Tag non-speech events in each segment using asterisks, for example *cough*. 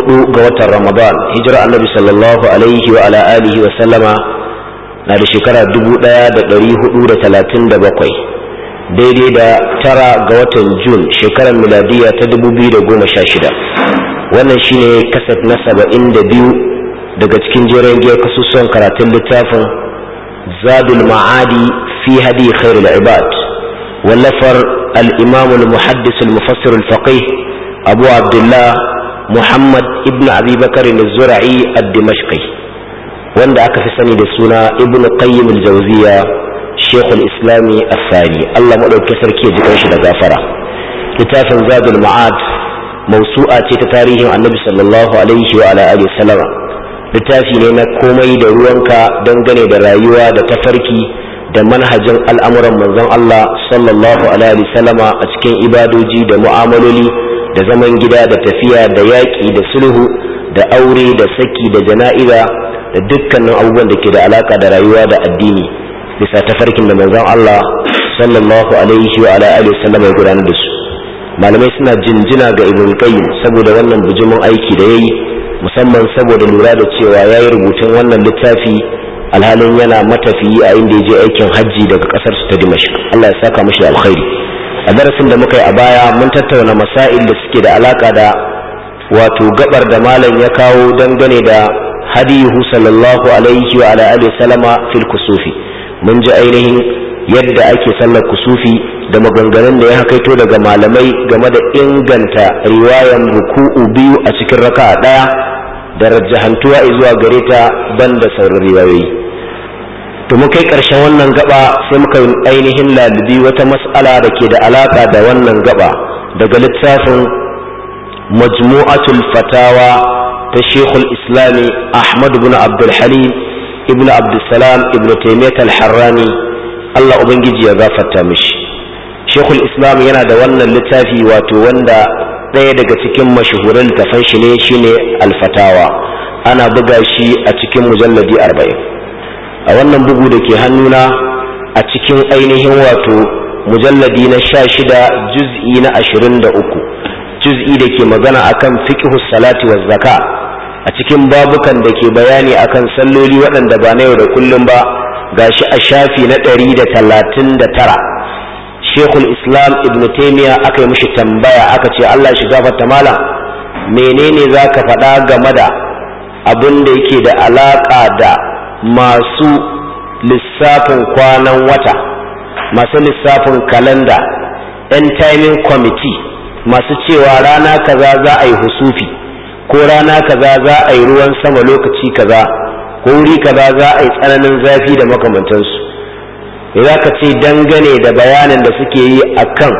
hudu ga watan ramadan hijira annabi sallallahu alaihi wa ala alihi wa sallama na da shekara dubu daya da dari hudu da talatin da bakwai daidai da tara ga watan jun shekarar miladiya ta dubu biyu da goma sha shida wannan shine kasaf na saba'in da biyu daga cikin jerin giyar kasusuwan karatun littafin zadul ma'adi fi hadi khairul ibad wallafar al imamul al-muhaddis al-mufassir al-faqih abu abdullah muhammad ibn abi bakar zura'i ad-dimashqi wanda aka fi sani da suna ibn qayyim al-jawziya shekul islami asali allah maɗauki sarki ya ji kanshi da gafara littafin zadul ma'ad mausu'a ce ta tarihin annabi sallallahu alaihi wa ala wa sallama littafi ne na komai da ruwanka dangane da rayuwa da tafarki da manhajin al'amuran manzon Allah sallallahu alaihi sallama a cikin ibadoji da mu'amaloli da zaman gida da tafiya da yaƙi da sulhu da aure da saki da jana'iza da dukkanin abubuwan da ke da alaka da rayuwa da addini bisa tafarkin da manzon Allah sallallahu alaihi wa ala alihi sallama ya gudanar da su malamai suna jinjina ga ibn qayyim saboda wannan bijimin aiki da yayi musamman saboda lura da cewa yayi rubutun wannan littafi alhalin yana matafiyi a inda ya je aikin hajji daga kasar su ta Dimashq Allah ya saka mashi alkhairi a darasin da muka yi a baya mun tattauna masail da suke da alaka da wato gabar da malam ya kawo dangane da hadihu sallallahu alaihi wa ala alihi salama fil kusufi mun ji ainihin yadda ake sallar kusufi da maganganun da ya hakaito daga malamai game da inganta riwayan ruku'u biyu a cikin raka'a ɗaya, da rajjahantuwa zuwa gareta, ta banda sauran riwayoyi to mu kai ƙarshen wannan gaba sai muka ainihin ladabi wata mas'ala da ke da alaƙa da wannan gaba daga littafin majmu'atul fatawa ta shekul islami ahmad bin abdulhalim ibn abdulsalam ibn taimiyat al-harrani allah ubangiji ya gafarta mishi shekul islam yana da wannan littafi wato wanda ɗaya daga cikin mashahuran littafan shi ne shine alfatawa ana buga shi a cikin mujalladi arba'in a wannan bugu da ke hannuna a cikin ainihin wato mujalladi na sha shida juz'i na ashirin da uku juz'i da ke magana akan fiqhu salati wa zaka a cikin babukan da ke bayani akan salloli waɗanda ba na yau da kullum ba gashi a shafi na ɗari da talatin da tara shekul islam ibn taimiya aka yi mishi tambaya aka ce allah shi gafarta malam menene za ka faɗa game da abin da yake da alaƙa da masu lissafin kwanan wata masu lissafin kalanda yan timing committee masu cewa rana kaza za a yi husufi ko rana kaza za a yi ruwan sama lokaci kaza ko wuri kaza za a yi tsananin zafi da makamantansu ya ka ce dangane da bayanin da suke yi a kan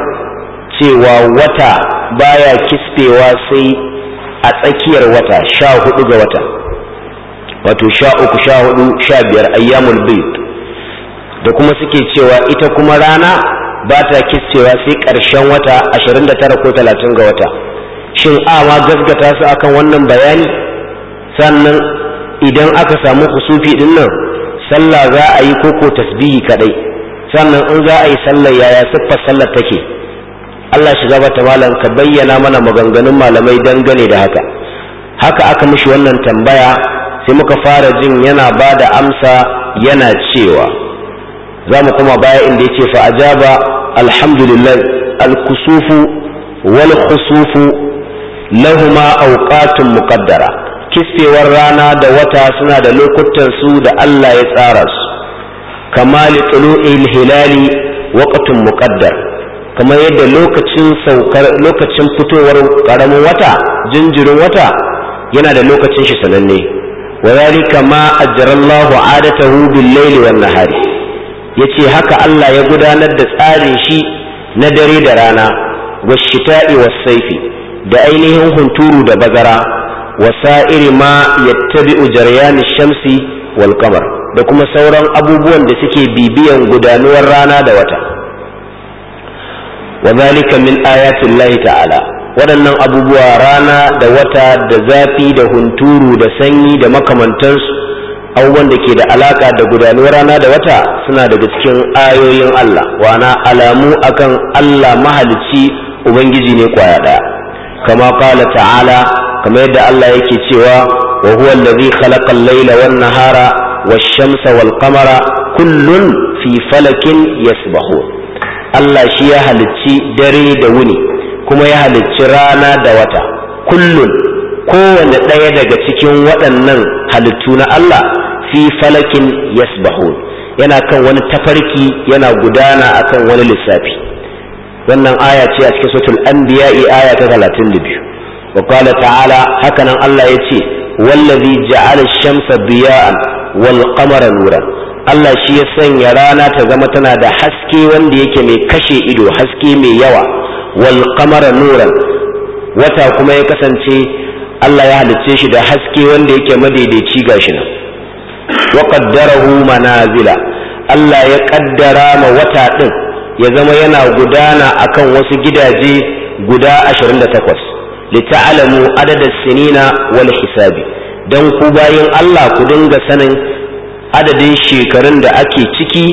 cewa wata baya kispewa sai a tsakiyar wata sha hudu ga wata wato sha uku sha hudu sha biyar ayyamul bayt da kuma suke cewa ita kuma rana ba ta kiscewa sai ƙarshen wata ashirin da tara ko talatin ga wata shin a ma gasgata su akan wannan bayani sannan idan aka samu kusufi din nan sallah za a yi koko tasbihi kadai sannan in za a yi sallar yaya siffar sallar take Allah shiga bata malam ka bayyana mana maganganun malamai dangane da haka haka aka mishi wannan tambaya sai muka fara jin yana ba da amsa yana cewa za mu kuma baya inda yake fa ajaba alhamdulillah alkusufu wal khusufu lahuma awqatun muqaddara kistewar rana da wata suna da lokutan su da Allah ya tsara su Kamali, tulu'il hilali waqtun muqaddar kamar yadda lokacin saukar lokacin fitowar karamin wata jinjirin wata yana da lokacin shi sananne وذلك ما أجر الله عادته بالليل والنهار yace haka Allah ya gudanar da tsarin shi na dare da rana wa shita'i wa saifi da ainihin hunturu da bazara wa iri ma yattabi'u jaryan shamsi walkamar, da kuma sauran abubuwan da suke bibiyan gudanuwar rana da wata Wazalika zalika min ayati Allah ta'ala waɗannan abubuwa rana da wata da zafi da hunturu da sanyi da makamantansu abubuwan da ke da alaƙa da gudanuwar rana da wata suna daga cikin ayoyin Allah wana alamu akan Allah mahalicci ubangiji ne kwaya ɗaya kama kala ta'ala kamar yadda Allah yake cewa wa huwa allazi khalaqa al-laila wan-nahara wash-shamsa wal-qamara kullun fi falakin yasbahun Allah shi ya halicci dare da wuni kuma ya halicci rana da wata kullun kowane ɗaya daga cikin waɗannan halittu na Allah fi falakin yasbahun yana kan wani tafarki yana gudana akan wani lissafi wannan aya ce a cikin suratul anbiya aya ta 32 wa qala ta'ala hakanan Allah ce wallazi ja'ala ash-shamsa diya'an wal qamara nuran Allah shi ya sanya rana ta zama tana da haske wanda yake mai kashe ido haske mai yawa wal qamara nuran wata kuma ya kasance Allah ya halicce shi da haske wanda yake madaidaici gashi nan wa qaddarahu manazila Allah ya kaddara ma wata din ya zama yana gudana akan wasu gidaje guda 28 lita'alamu adada sinina wal hisabi dan ku bayin Allah ku dinga sanin adadin shekarun da ake ciki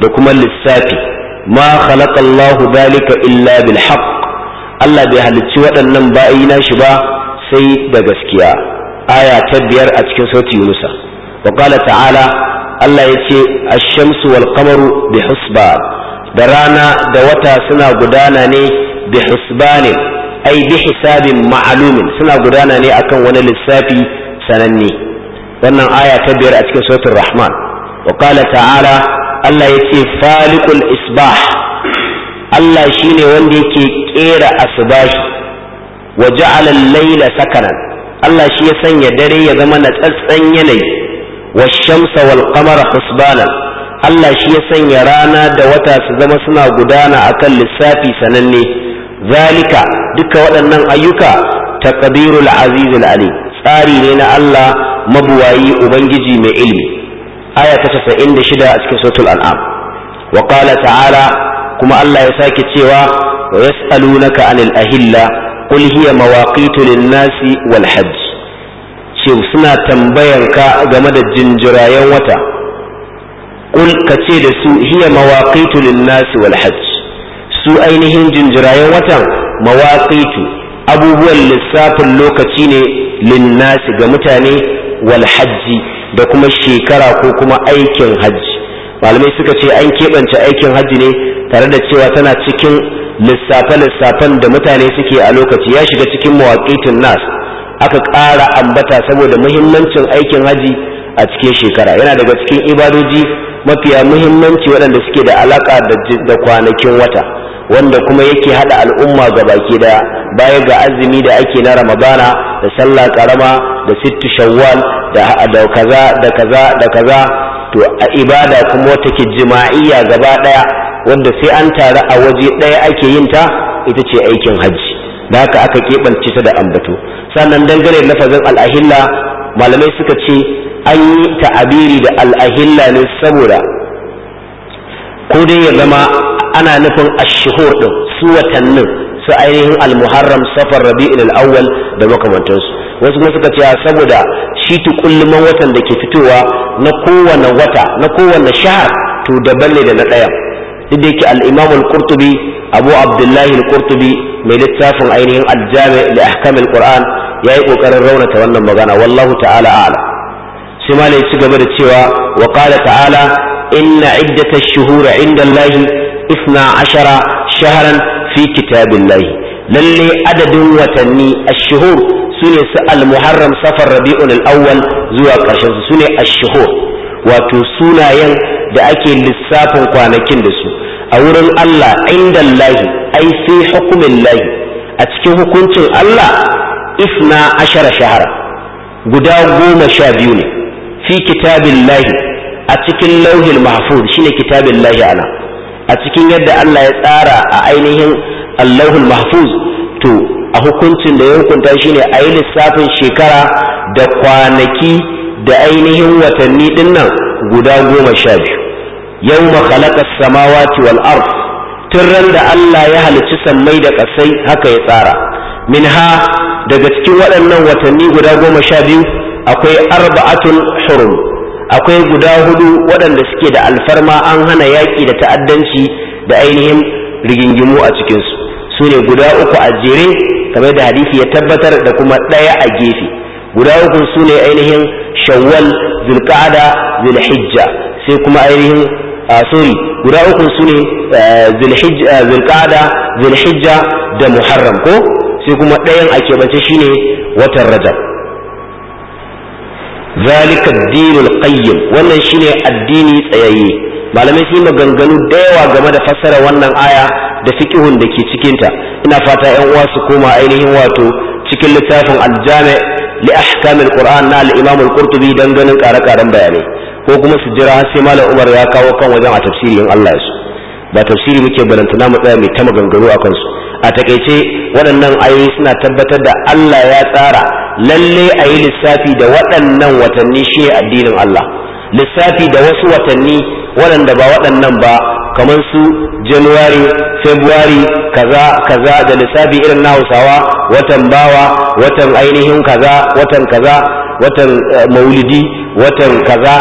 da kuma lissafi ma khalaqa Allahu dalika illa bil haqq Allah bai halicci waɗannan bayi na shi ba sai da gaskiya aya ta biyar a cikin sauti Yunusa wa qala ta'ala Allah yace ash-shamsu wal qamaru bi husban da da wata suna gudana ne bi husbanin ai bi hisabin ma'lumin suna gudana ne akan wani lissafi sananne wannan aya ta biyar a cikin suratul rahman wa qala ta'ala Allah ya ce falikul isbah Allah shine wanda yake kera asbahi wa ja'ala la'ila layla sakanan Allah shi ya sanya dare ya zama na tsatsan yanayi wa shamsa wal qamara husbana Allah shi ya sanya rana da wata su zama suna gudana akan lissafi sananne zalika duka waɗannan ayyuka taqdirul azizul alim tsari ne na Allah mabuwayi ubangiji mai ilimi aya ta 96 a cikin suratul an'am wa ta'ala kuma Allah ya sake cewa wa yas'alunaka anil ahilla qul hiya mawaqitu lin-nasi wal hajj ce suna tambayanka game da jinjirayen wata qul kace da su hiya mawaqitu lin-nasi wal su ainihin jinjirayen watan mawaqitu abubuwan lissafin lokaci ne linnasi ga mutane wal da kuma shekara ko kuma aikin hajji malamai suka ce an keɓance aikin hajji ne tare da cewa tana cikin lissafe-lissafen da mutane suke a lokaci ya shiga cikin mawaƙitin nas aka ƙara ambata saboda muhimmancin aikin hajji a cikin shekara yana daga cikin ibadoji mafiya muhimmanci waɗanda suke da alaƙa da kwanakin wata wanda kuma yake hada al'umma ga baki daya baya ga azumi da ake na ramadana da sallah karama da sittu shawwal da kaza da kaza da kaza to a ibada kuma wata ke jima'iyya gaba daya wanda sai an taru a waje daya ake yin ta ita ce aikin hajji da haka aka keɓance ta da ambato sannan dangane da lafazin al'ahilla malamai suka ce an yi ta'abiri da al'ahilla ne saboda ko dai ya zama ana nufin ashuhur din su watannin su ainihin almuharram safar rabi'il al-awwal da makamantansu wasu kuma suka ce ah, saboda shi tukulluman watan da ke fitowa na kowane wata na kowane shahar to daban ne da na ɗaya duk da yake al-imam al-qurtubi abu abdullahi al-qurtubi mai littafin ainihin al-jami' li ahkam al-qur'an yayi kokarin raunata wannan magana wallahu ta'ala a'lam sai ne ci gaba da cewa wa qala ta'ala inna iddatash shuhura 'inda allahi اثنا عشر شهرا في كتاب الله للي عدد وتني الشهور سنة المحرم صفر zuwa ƙarshen su ne a shihur, wato sunayen da ake lissafin kwanakin da su a wurin Allah inda lahi ai sai hukumin lahi a cikin hukuncin Allah isna ashara shahara guda goma sha biyu ne fi kitabin lahi a cikin lauhin mahfuz shine kitabin lahi ana a cikin yadda Allah ya tsara a ainihin Allahul Mahfuz to a hukuncin da ya hukunta shine a yi lissafin shekara da kwanaki da ainihin watanni din nan guda goma sha biyu yau makalaka samawati wal arf tun ran da Allah ya halicci sammai da ƙasai haka ya tsara minha daga cikin waɗannan watanni guda goma sha biyu akwai arba'atun hurum akwai guda hudu waɗanda suke da alfarma an hana yaƙi da ta'addanci da ainihin rigingimu a cikinsu su ne guda uku a jere kamar da hadisi ya tabbatar da kuma ɗaya a gefe guda uku su ne ainihin shawwal zulqa'ada zulhijja sai kuma ainihin sorry guda uku su ne zulqa'ada zulhijja da muharram ko sai kuma ɗayan a keɓance shine watan rajab zalika dinul qayyim wannan shine addini tsayayye malamai sun maganganu da yawa game da fassara wannan aya da fiqhun da ke cikinta ina fata yan uwa su koma ainihin wato cikin littafin aljame li ahkam alquran na al-imam al-qurtubi dan ganin karakaran bayanai ko kuma su jira sai malam umar ya kawo kan wajen a tafsirin Allah ya so ba tafsiri muke balantana mu tsaya mai ta maganganu akan su a takaice waɗannan ayoyi suna tabbatar da Allah ya tsara lalle a yi lissafi da waɗannan watanni shi addinin Allah lissafi da wasu watanni waɗanda ba waɗannan ba kamar su januwari februari kaza kaza da lissafi irin na hausawa watan bawa watan ainihin kaza watan kaza watan eh, maulidi watan kaza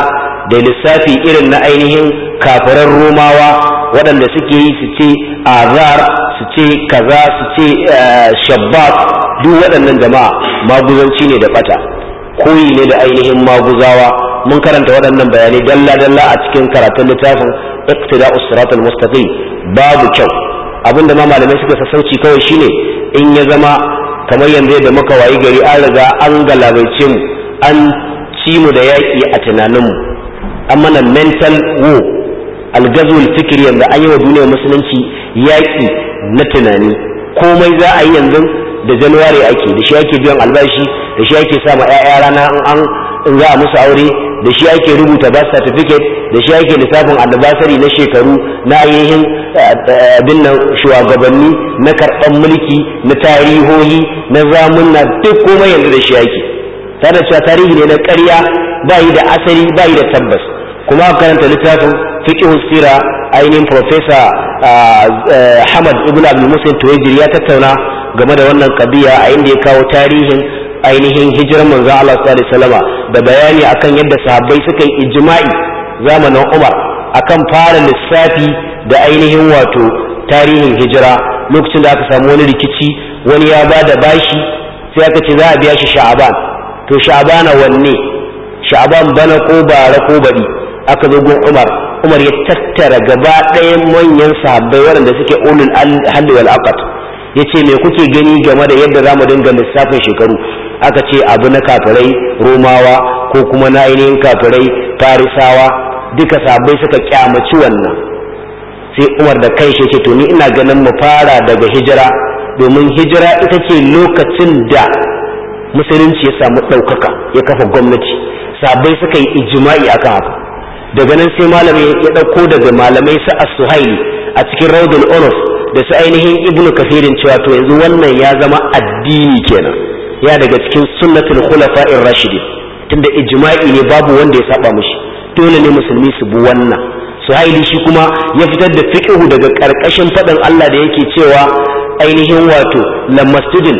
da lissafi irin na ainihin kafiran romawa waɗanda suke yi su ce azar su ce kaza su ce eh, shabbat duk waɗannan jama'a maguzanci ne da bata koyi ne da ainihin maguzawa mun karanta waɗannan bayanai dalla dalla a cikin karatun littafin iqtida usratul mustaqim babu kyau abinda ma malamai suka sassauci kawai shine in ya zama kamar yanzu da muka wayi gari an riga an galabaice mu an ci mu da yaƙi a tunaninmu an mana mental war algazul fikiri yanzu an yi wa duniyar musulunci yaƙi na tunani komai za a yi yanzu da januwari ake da shi ake biyan albashi da shi ake sa ma 'ya'ya rana an in za a musu aure da shi ake rubuta birth certificate da shi ake lissafin albasari na shekaru na ainihin eh, eh, abin nan shugabanni na karɓar mulki na tarihohi na zamunna duk komai yanzu da shi ake tare da cewa tarihi ne na ƙarya ba yi da asali ba yi da tabbas kuma a karanta littafin fiqhus sira ainihin professor Hamad uh, uh, ibn Abdul Musin Tuwajiri ya tattauna game da wannan kabiya a inda ya kawo tarihin ainihin hijirar manzo Allah sallallahu alaihi da bayani akan yadda sahabbai suka yi ijima'i, zamanin Umar akan fara lissafi da ainihin wato tarihin hijira lokacin da aka samu wani rikici wani ya ba da bashi sai aka ce za a biya shi sha'aban to sha'abana wanne sha'aban bana ko bara ko baɗi aka zo gun Umar Umar ya tattara gaba ɗayan manyan sahabbai waɗanda suke ulul halli wal ya yace me kuke gani game da yadda zamu dinga lissafin shekaru aka ce abu na kafirai Romawa ko kuma na ainihin kafirai Farisawa duka sahabbai suka kyamaci wannan sai Umar da kai shi to ni ina ganin mu fara daga hijira domin hijira ita ce lokacin da musulunci ya samu ɗaukaka ya kafa gwamnati sabai suka yi ijma'i akan haka daga nan sai malami ya ɗauko daga malamai su as a cikin raudul uruf da su ainihin ibnu kafirin cewa to yanzu wannan ya zama addini kenan ya daga cikin sunnatul khulafa'ir rashidin tunda ijma'i ne babu wanda ya saba mushi dole ne musulmi su bi wannan suhaili shi kuma ya fitar da fiqhu daga karkashin faɗin Allah da yake cewa ainihin wato la masjidin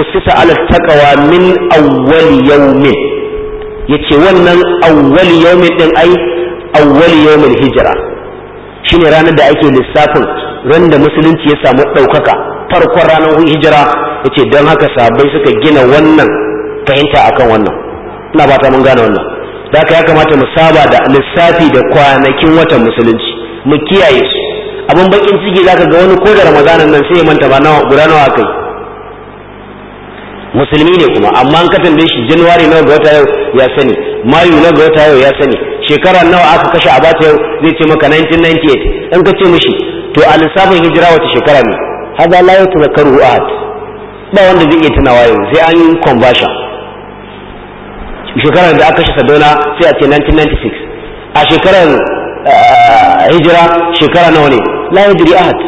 usisa ala taqwa min awwal yawmin yace wannan awwal yawmin din ai awwal yawmil hijra shine ranar da ake lissafin ran da musulunci ya samu ɗaukaka farkon ranar hijira yace don haka sahabbai suka gina wannan fahimta akan wannan ina ba ta mun gane wannan da ya kamata mu saba da lissafi da kwanakin watan musulunci mu kiyaye su abin bakin ciki zaka ga wani ko da ramadanan nan sai ya manta ba nawa guda nawa kai musulmi ne kuma amma an ka tambaye shi januwari nawa ga wata yau ya sani mayu nawa ga wata yau ya sani shekara nawa aka kashe a bata zai ce maka 1998 in ka ce mishi to a lissafin hijira wata shekara ne haza la yau tazakkaru ahad ba wanda zai iya tunawa yau sai an yi conversion shekarar da aka kashe Sadona sai a ce 1996 a shekarar eh, hijira shekara nawa ne la duri ahad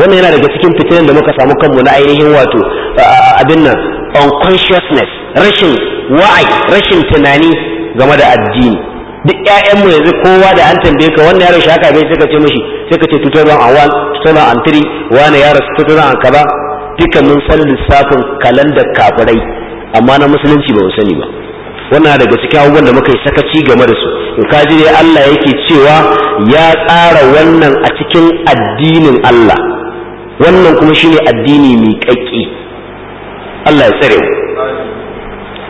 wannan yana daga cikin fitilin da muka samu kanmu na ainihin wato eh, abin nan unconsciousness rashin wa'ai rashin tunani game da addini duk ƴaƴan mu yanzu kowa da an tambaye ka wannan yaro shaka bai sai ka ce mishi sai ka ce 2001 2003 wani yaro an kaza duka mun san lissafin kalanda kafirai amma na musulunci ba mu sani ba wannan daga cikin abubuwan da muka yi sakaci game da su in ka ji dai Allah yake cewa ya tsara wannan a cikin addinin Allah wannan kuma shine addini mai kakki Allah ya tsare mu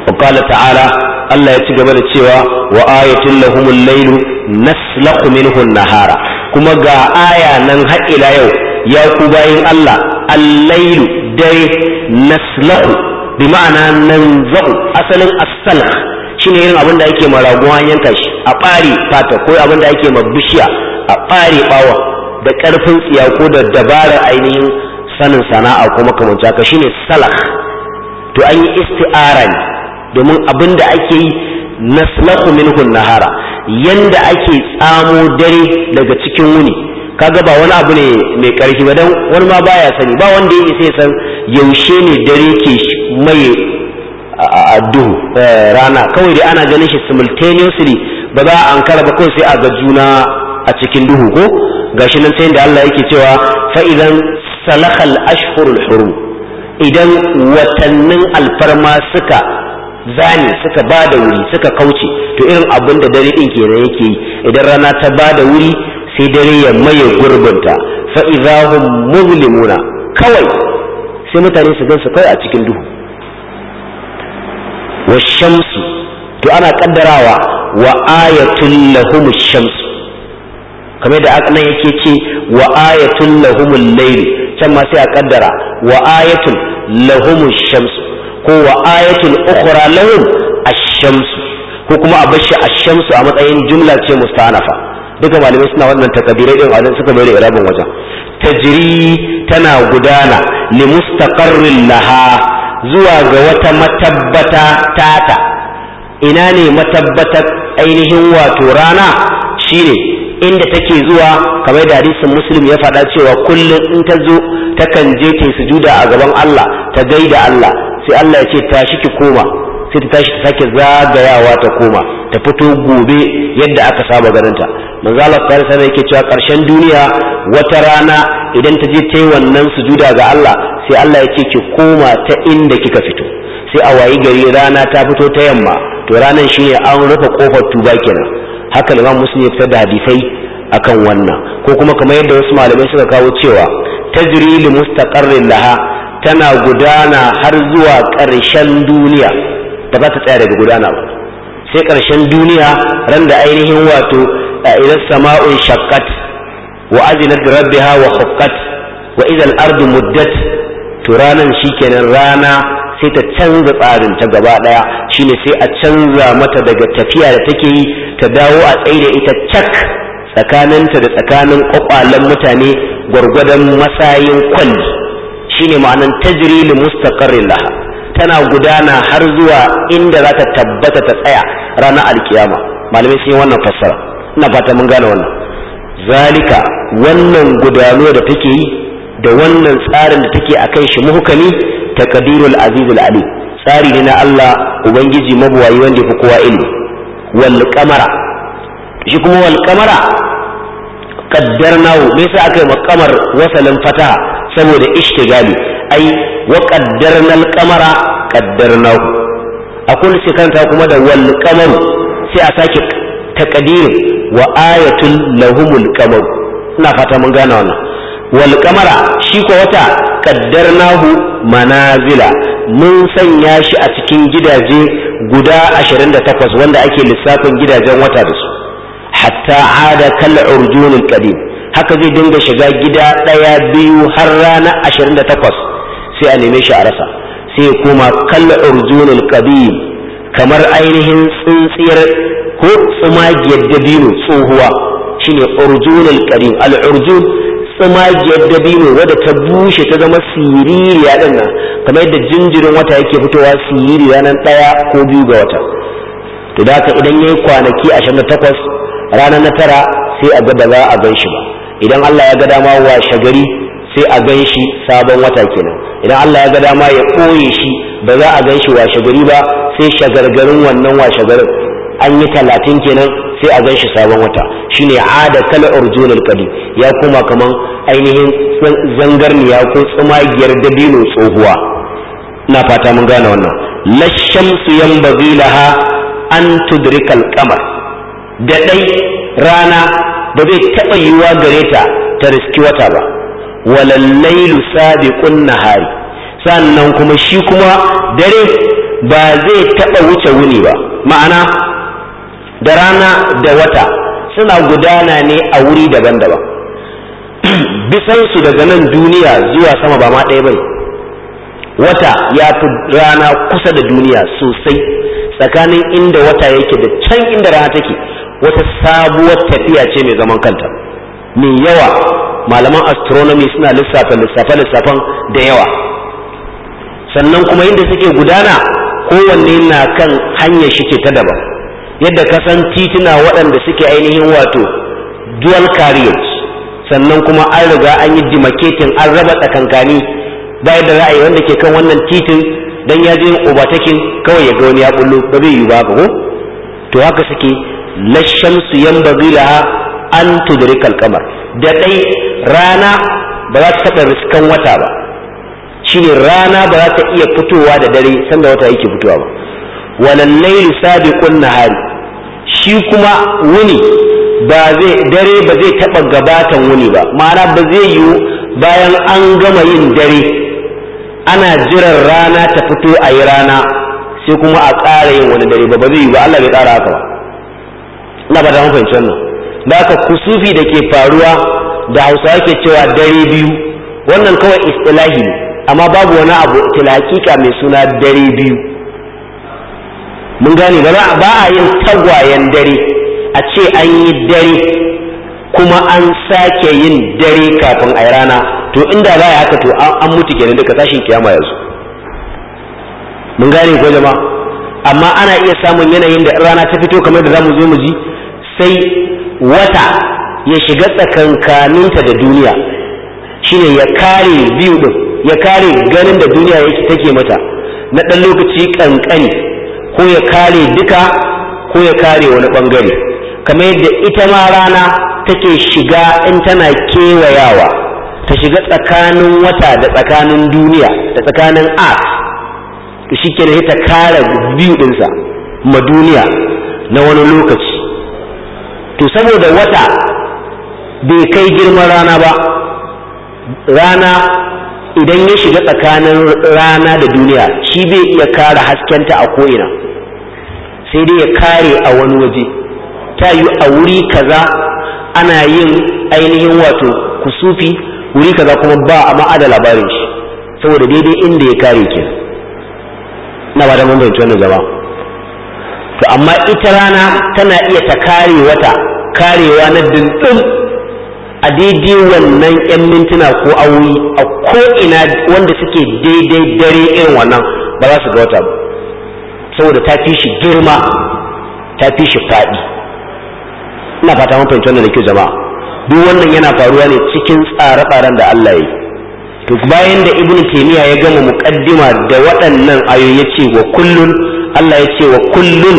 وقال تعالى الله يتجب لتشوى وآية لهم الليل نسلخ منه النهار كما قا آية ننهى إلى يوم يا كباين الله الليل دي نسلخ بمعنى asalin أصلا السلخ shine irin abin da ake ma raguwa yanka shi a ɓare fata ko abin da ake ma bishiya a ɓare ɓawa da ƙarfin tsiya ko da dabarar ainihin sanin sana'a ko makamanci ka shine salah to an yi isti'ara ne domin abin da ake yi naslahu minhun nahara yanda ake tsamo dare daga cikin wuni kaga ba wani abu ne mai karfi ba dan wani ma baya sani ba wanda ya sai san yaushe ne dare ke mai duhu eh, rana kawai dai ana ganin shi simultaneously ba za a ankara ba kawai sai a ga juna a cikin duhu ko gashi nan sai da Allah yake cewa fa idan salakhal ashhurul hurum idan watannin alfarma suka zane suka ba da wuri suka kauce to irin abin da dare ɗin kenan yake yi idan rana ta ba da wuri sai dare ya maye gurbinta fa idahum muzlimuna kawai sai mutane su gan su kawai a cikin duhu wa shamsu to ana kaddarawa wa ayatul lahum shamsu kamar da aka yake ce wa ayatul lahum layl can ma sai a kaddara wa ayatul lahum shamsu ko wa ayatul ukhra lahum ash-shamsu ko kuma a bashi ash-shamsu a matsayin jumla ce musta'anafa duka malamai suna wannan takadirai din wajen suka mai irabin wajen tajri tana gudana li mustaqarrin laha zuwa ga wata matabbata tata ina ne matabbata ainihin wato rana shine inda take zuwa kamar da hadisin muslim ya faɗa cewa kullum in ta zo takan je ta sujuda a gaban Allah ta gaida Allah sai Allah ya ce tashi ki koma sai ta tashi ta sake zagayawa ta koma ta fito gobe yadda aka saba ganinta manzo Allah sallallahu alaihi yake cewa karshen duniya wata rana idan ta je ta yi wannan sujuda ga Allah sai Allah ya ce ki koma ta inda kika fito sai a wayi gari rana ta fito ta yamma to ranan shine an rufe kofar tuba kenan haka Imam Muslim ya fitar da hadisai akan wannan ko kuma kamar yadda wasu malamai suka kawo cewa tajri li mustaqarrin laha tana gudana har zuwa ƙarshen duniya ba ta tsaya daga gudana ba sai ƙarshen duniya ran da ainihin wato idan sama'un shakkat wa azinat rabbiha wa khaqqat wa idan ardu muddat to ranan shikenan rana sai ta canza tsarin ta gaba daya shine sai a canza mata daga tafiya da take yi ta dawo a tsaye da ita cak tsakaninta da tsakanin kwakwalen mutane gwargwadon masayin kwalli shine ma'anan tajri li mustaqarrin laha tana gudana har zuwa inda za ta tabbata ta tsaya ranar alkiyama malamai sun yi wannan fassara ina fata mun gane wannan zalika wannan gudanuwa da take yi da wannan tsarin da take akan shi muhkami taqdirul azizul alim tsari ne na Allah ubangiji mabuwayi wanda ya kowa ilimi wal qamara shi kuma wal qamara qaddarnahu me yasa aka yi makamar wasalin fataha saboda ishtigali ai wa qaddarna al-qamara qaddarnahu a sai kanta kuma da wal qamar sai a sake taqdir wa ayatul lahumul qamar ina fata mun gane wannan wal qamara shi ko wata qaddarnahu manazila mun sanya shi a cikin gidaje guda 28 wanda ake lissafin gidajen wata da su hatta ada kal urjunul qadim haka zai dinga shiga gida ɗaya biyu har rana ashirin da takwas sai a neme shi a rasa sai kuma kalla urjunul qadim kamar ainihin tsintsiyar ko tsumagiyar dabino tsohuwa shine urjunul qadim al urjun tsumagiyar dabino wadda ta bushe ta zama siririya din nan kamar yadda jinjirin wata yake fitowa siriri ranar ɗaya ko biyu ga wata to da ka idan yayi kwanaki ashirin da ranar na tara sai a ga ba za a gan shi ba idan Allah ya ga dama washe gari sai a gan shi sabon wata kenan idan Allah ya ga dama ya ɓoye shi ba za a gan shi washe gari ba sai shagargarin wannan washe garin an yi talatin kenan sai a gan shi sabon wata shine ada kala urjunul qadim ya kuma kaman ainihin zangarniya ko tsumagiyar dabino tsohuwa na fata mun gane wannan su yanbaghi laha an tudrikal qamar da dai rana ba zai taɓa yiwuwa gare ta ta riski wata ba walallai lailu sabiqun nahari sannan kuma shi kuma dare ba zai taɓa wuce wuni ba ma'ana da rana da wata suna gudana ne a wuri daban-daban *clears throat* bisansu daga nan duniya zuwa sama ba ma ɗaya bane wata ya fi rana kusa da duniya sosai tsakanin inda wata yake da can inda rana take wata sabuwar tafiya ce mai zaman kanta mai yawa malaman astronomi suna lissafan lissafe-lissafen da yawa sannan kuma inda suke gudana kowanne na kan hanyar shi ce ta daban yadda ka san tituna waɗanda suke ainihin wato dual carriage sannan kuma an riga an yi demarcating an raba tsakankani bayan da ra'ayi wanda ke kan wannan titin dan ya je obatakin kawai ya ga wani ya bullo ba zai yi ba ko to haka suke la shamsu yanbaghi laha an tudrikal qamar da dai rana ba za ta taɓa riskan wata ba shine rana ba za ta iya fitowa da dare sanda wata yake fitowa ba walan layli sabiqun hari. shi kuma wuni ba zai dare ba zai taɓa gabatan wuni ba ma'ana ba zai yiwu bayan an gama yin dare ana jiran rana ta fito a yi rana sai kuma a ƙara yin wani dare ba ba zai yi ba Allah bai ƙara haka ba ina ba da mun nan. da aka kusufi da ke faruwa da hausawa ke cewa dare biyu wannan kawai istilahi ne amma babu wani abu hakika mai suna dare biyu mun gane ba ba a yin tagwayen dare a ce an yi dare kuma an sake yin dare kafin a rana to inda za a haka to an mutu ke duka tashin kiyama yanzu mun gane ko jama'a amma ana iya samun yanayin da rana ta fito kamar da za mu zo mu ji sai wata ya shiga tsakankaninta da duniya shine ya kare biyu din ya kare ganin da duniya yake take mata na ɗan lokaci ƙanƙani ko ya kare duka ko ya kare wani ɓangare kamar yadda ita ma rana take shiga in tana kewayawa ta shiga tsakanin wata da tsakanin duniya da tsakanin art to shi ta kare biyu ɗinsa ma duniya na wani lokaci to saboda wata bai kai girman rana ba rana idan ya shiga tsakanin rana da duniya shi bai iya kare haskenta a ko'ina sai dai ya kare a wani waje ta yi a wuri kaza ana yin ainihin wato kusufi wuri kaza kuma ba a ma'ada labarin shi saboda daidai inda ya kare ke na ba da mun wannan jama'a to amma ita rana tana iya ta kare wata karewa na dindin a daidai wannan 'yan mintuna ko awoyi a ko'ina wanda suke daidai dare irin wannan ba za su ga wata ba saboda ta fi shi girma ta fi shi faɗi ina fata mun fahimci wannan da ke jama'a duk wannan yana faruwa ne cikin tsare-tsaren da Allah ya yi to bayan da ibnu taymiya ya gama muqaddima da waɗannan ayoyi yace wa kullun Allah ya ce wa kullun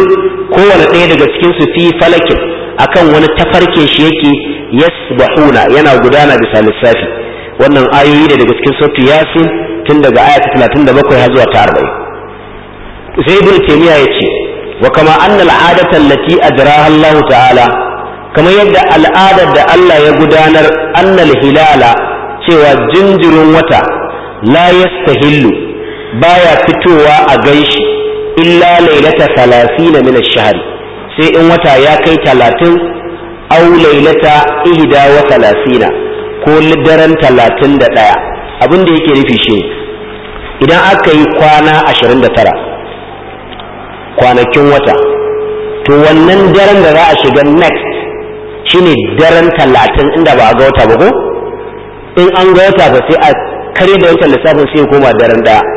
kowane ɗaya daga cikin su fi falakin akan wani tafarkin shi yake yasbahuna yana gudana bisa lissafi wannan ayoyi da daga cikin sautu yasin tun daga aya ta 37 har zuwa ta arba'in. sai ibn ya ce wa kama anna tallati a jira Allah ta'ala kamar yadda al'adar da Allah ya gudanar annal hilala cewa jinjirin wata la yastahillu baya fitowa a ganshi illa lailata salasina min ash shahr sai in wata ya kai talatin aw lailata ihda wa salasina ko daren talatin da ɗaya abin da yake nufi shi idan aka yi kwana ashirin da tara kwanakin wata to wannan daren da za a shiga next shine daren talatin inda ba a ga wata ba ko in an ga wata ba sai a kare da wata lissafin sai koma daren ɗaya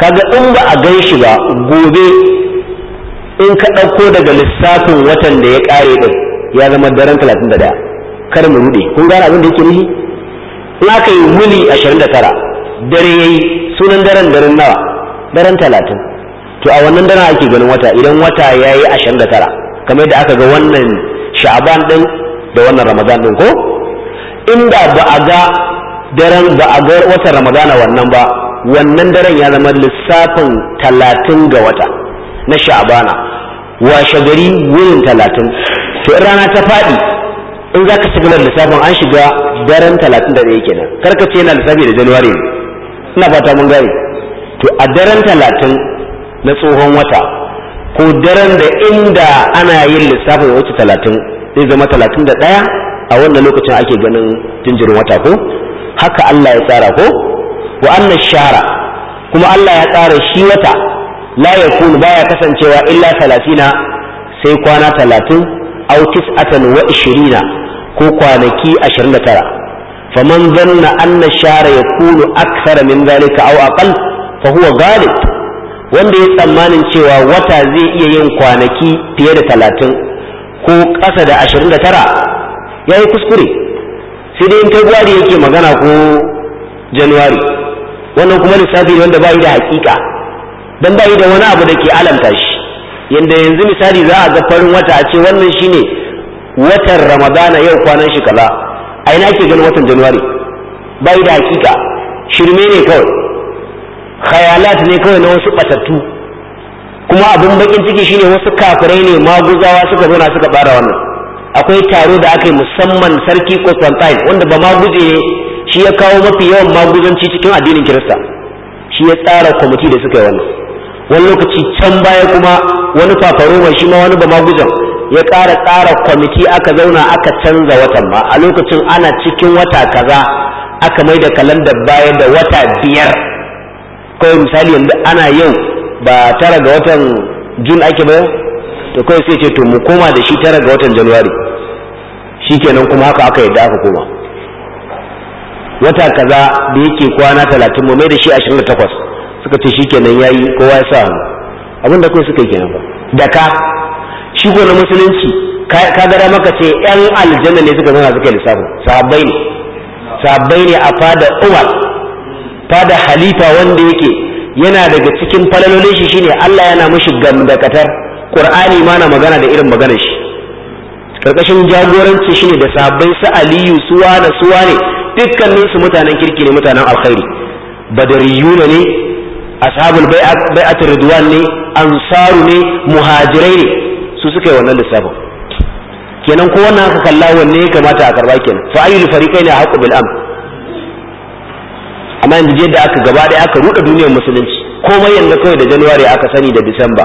kaga in ba a gan shi ba gobe in ka ɗauko daga lissafin watan da ya ƙare ɗin ya zama daren talatin da ɗaya kar mu ruɗe kun gane abin da yake nufi in aka yi muni ashirin da tara dare ya yi sunan daren daren nawa daren talatin to a wannan daren ake ganin wata idan wata ya yi ashirin da tara kamar yadda aka ga wannan sha'aban ɗin da wannan ramadan ɗin ko In ba ba a ga daren ba a ga watan ramadana wannan ba wannan daren ya zama lissafin talatin ga wata na sha'abana washe gari wurin talatin in rana ta faɗi in za ka shiga lissafin an shiga daren talatin da ɗaya kenan karka ce yana lissafi da januwari ina fata mun gane to a daren talatin na tsohon wata ko daren da inda ana yin lissafin da wata talatin zai zama talatin da ɗaya a wannan lokacin ake ganin jinjirin wata ko haka Allah ya tsara ko wa anna shahara kuma Allah ya tsara shi wata la yakunu baya kasancewa illa talatina sai kwana 30 aw ishirina ko kwanaki 29 faman zanna anna shara yakunu akthara min zalika aw aqall fa huwa ghalib wanda ya tsammanin cewa wata zai iya yin kwanaki fiye da talatin ko ƙasa da ashirin da tara ya yi kuskure sai dai in ta gwari yake magana ko januwari wannan kuma lissafi ne wanda ba yi da hakika dan ba yi da wani abu da ke alamta shi yanda yanzu misali za a ga farin wata a ce wannan shine watan ramadana yau kwanan shi kaza a ina ake ganin watan januwari ba yi da hakika shirme ne kawai khayalat ne kawai na wasu batattu kuma abin bakin ciki shine wasu kafirai ne maguzawa suka zo na suka bara wannan akwai taro da aka yi musamman sarki Constantine wanda ba ma guje ne shi ya kawo mafi yawan maguzanci cikin addinin kirista shi ya tsara kwamiti da suka yi wannan wani lokaci can baya kuma wani fafaroma shi ma wani ba maguzan ya ƙara tsara kwamiti aka zauna aka canza watan ma a lokacin ana cikin wata kaza aka mai da kalandar baya da wata biyar kawai misali yanzu ana yau ba tara ga watan jun ake ba to kawai sai ce to mu koma da shi tara ga watan januwari shikenan kuma haka aka yadda aka koma wata kaza da yake kwana talatin mu mai da shi ashirin da takwas suka ce shi kenan ya yi kowa ya sa hannu abinda kai suka yi kenan ba da ka shi ko na musulunci ka gara maka ce yan aljanna ne suka zana suka yi lissafin sahabbai ne sahabbai ne a fada umar fada halifa wanda yake yana daga cikin falalolin shi shine Allah yana mishi gandakatar Qur'ani ma na magana da irin maganar shi karkashin jagoranci shine da sabbin su aliyu suwa da suwa ne dukkanin su mutanen kirki ne mutanen alkhairi badariyuna ne ashabul bai'at ridwan ne ansaru ne muhajirai ne su suka yi wannan lissafin kenan ko wannan aka kalla wanne ya kamata a karba kenan fa ayyul fariqain haqqu bil am amma yanzu yadda aka gaba ɗaya aka ruɗa duniyar musulunci komai yanzu kawai da januwari aka sani da disamba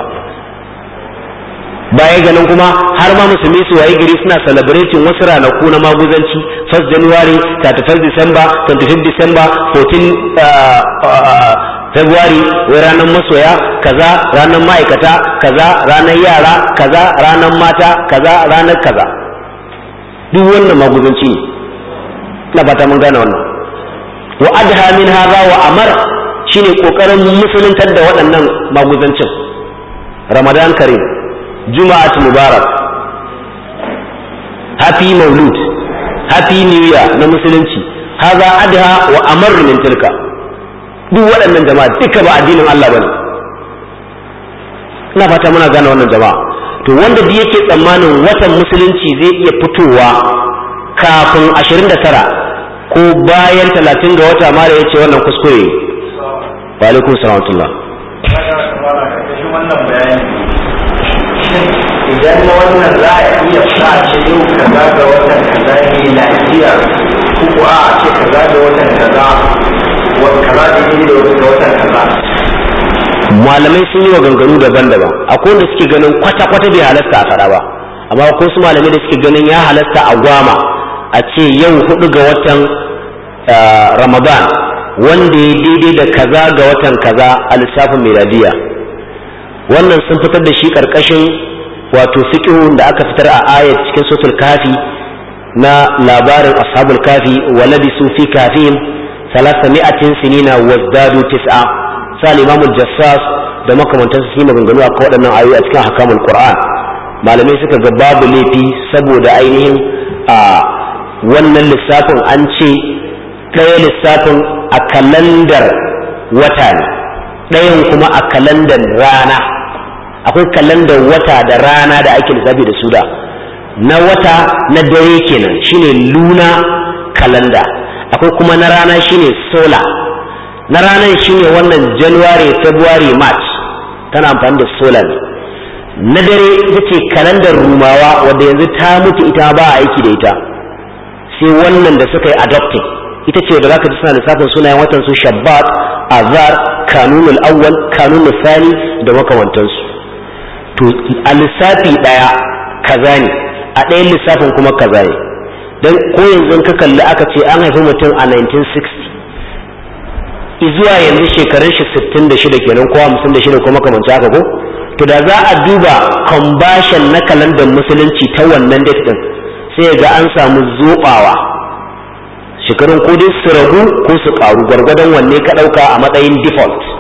baya ga nan kuma har ma musulmi su waye gari suna celebrating wasu ranaku na maguzanci 1 January 31 December 25 December 14 uh, uh, uh, February wai ranar masoya kaza ranar ma'aikata kaza ranar yara kaza ranar mata kaza ranar kaza duk wannan maguzanci ne na fata mun gane wannan wa adha min hadha wa amar shine kokarin musuluntar da waɗannan maguzancin Ramadan Karim juma'at mubarak happy maulud happy new year na musulunci haza adha wa amar min tilka duk waɗannan jama'a duka ba addinin Allah bane ina fata muna gane wannan jama'a to wanda duk yake tsammanin watan musulunci zai iya fitowa kafin 29 ko bayan 30 ga wata ma da yace wannan kuskure wa alaikum salam wannan bayani idan na wannan za a iya sa ce yau kaza ga watan kaza ne eh, lafiya kuku a ce kaza ga watan kaza kaza da yi da watan kaza malamai sun yi wa ganganu daban-daban akwai wanda suke ganin kwata-kwata bai halasta a fara ba amma akwai su malamai da suke ganin ya halasta a gwama a ce yau hudu ga watan eh, ramadan wanda ya daidai da kaza ga watan kaza a lissafin miladiya wannan sun fitar da shi ƙarƙashin wato fiqhun da aka fitar a ayat cikin suratul kafi na labarin ashabul kafi walabisu fi kafihim salasami'atin sinina wazdadu tis'a sa imamul jassas da makamantan su yi maganganu a waɗannan ayoyi a cikin hakamul qur'an malamai suka ga babu laifi saboda ainihin a wannan lissafin an ce ɗaya lissafin a kalandar wata ne ɗayan kuma a kalandar rana akwai kalandar wata da rana da ake lissafi da su da na wata na dare kenan shine luna kalanda akwai kuma na rana shine sola na ranar shine wannan january february march tana amfani da sola ne na dare ita ce kalandar rumawa wadda yanzu ta mutu ita ba a aiki da ita sai wannan da suka yi adopting ita ce da zaka ji suna lissafin sunayen watan su shabbat azar kanunul awwal kanunul sani da makamantansu to a lissafi ɗaya kaza ne a ɗayan lissafin kuma kaza ne don ko yanzu ka kalli aka ce an haifi mutum a 1960 zuwa yanzu shekarun shi 66 kenan ko 56 ko makamanci haka ko to da za a duba kambashin na kalandar musulunci ta wannan date din sai ga an samu zobawa shekarun ko dai su ragu ko su ƙaru, gwargwadon wanne ka ɗauka a matsayin default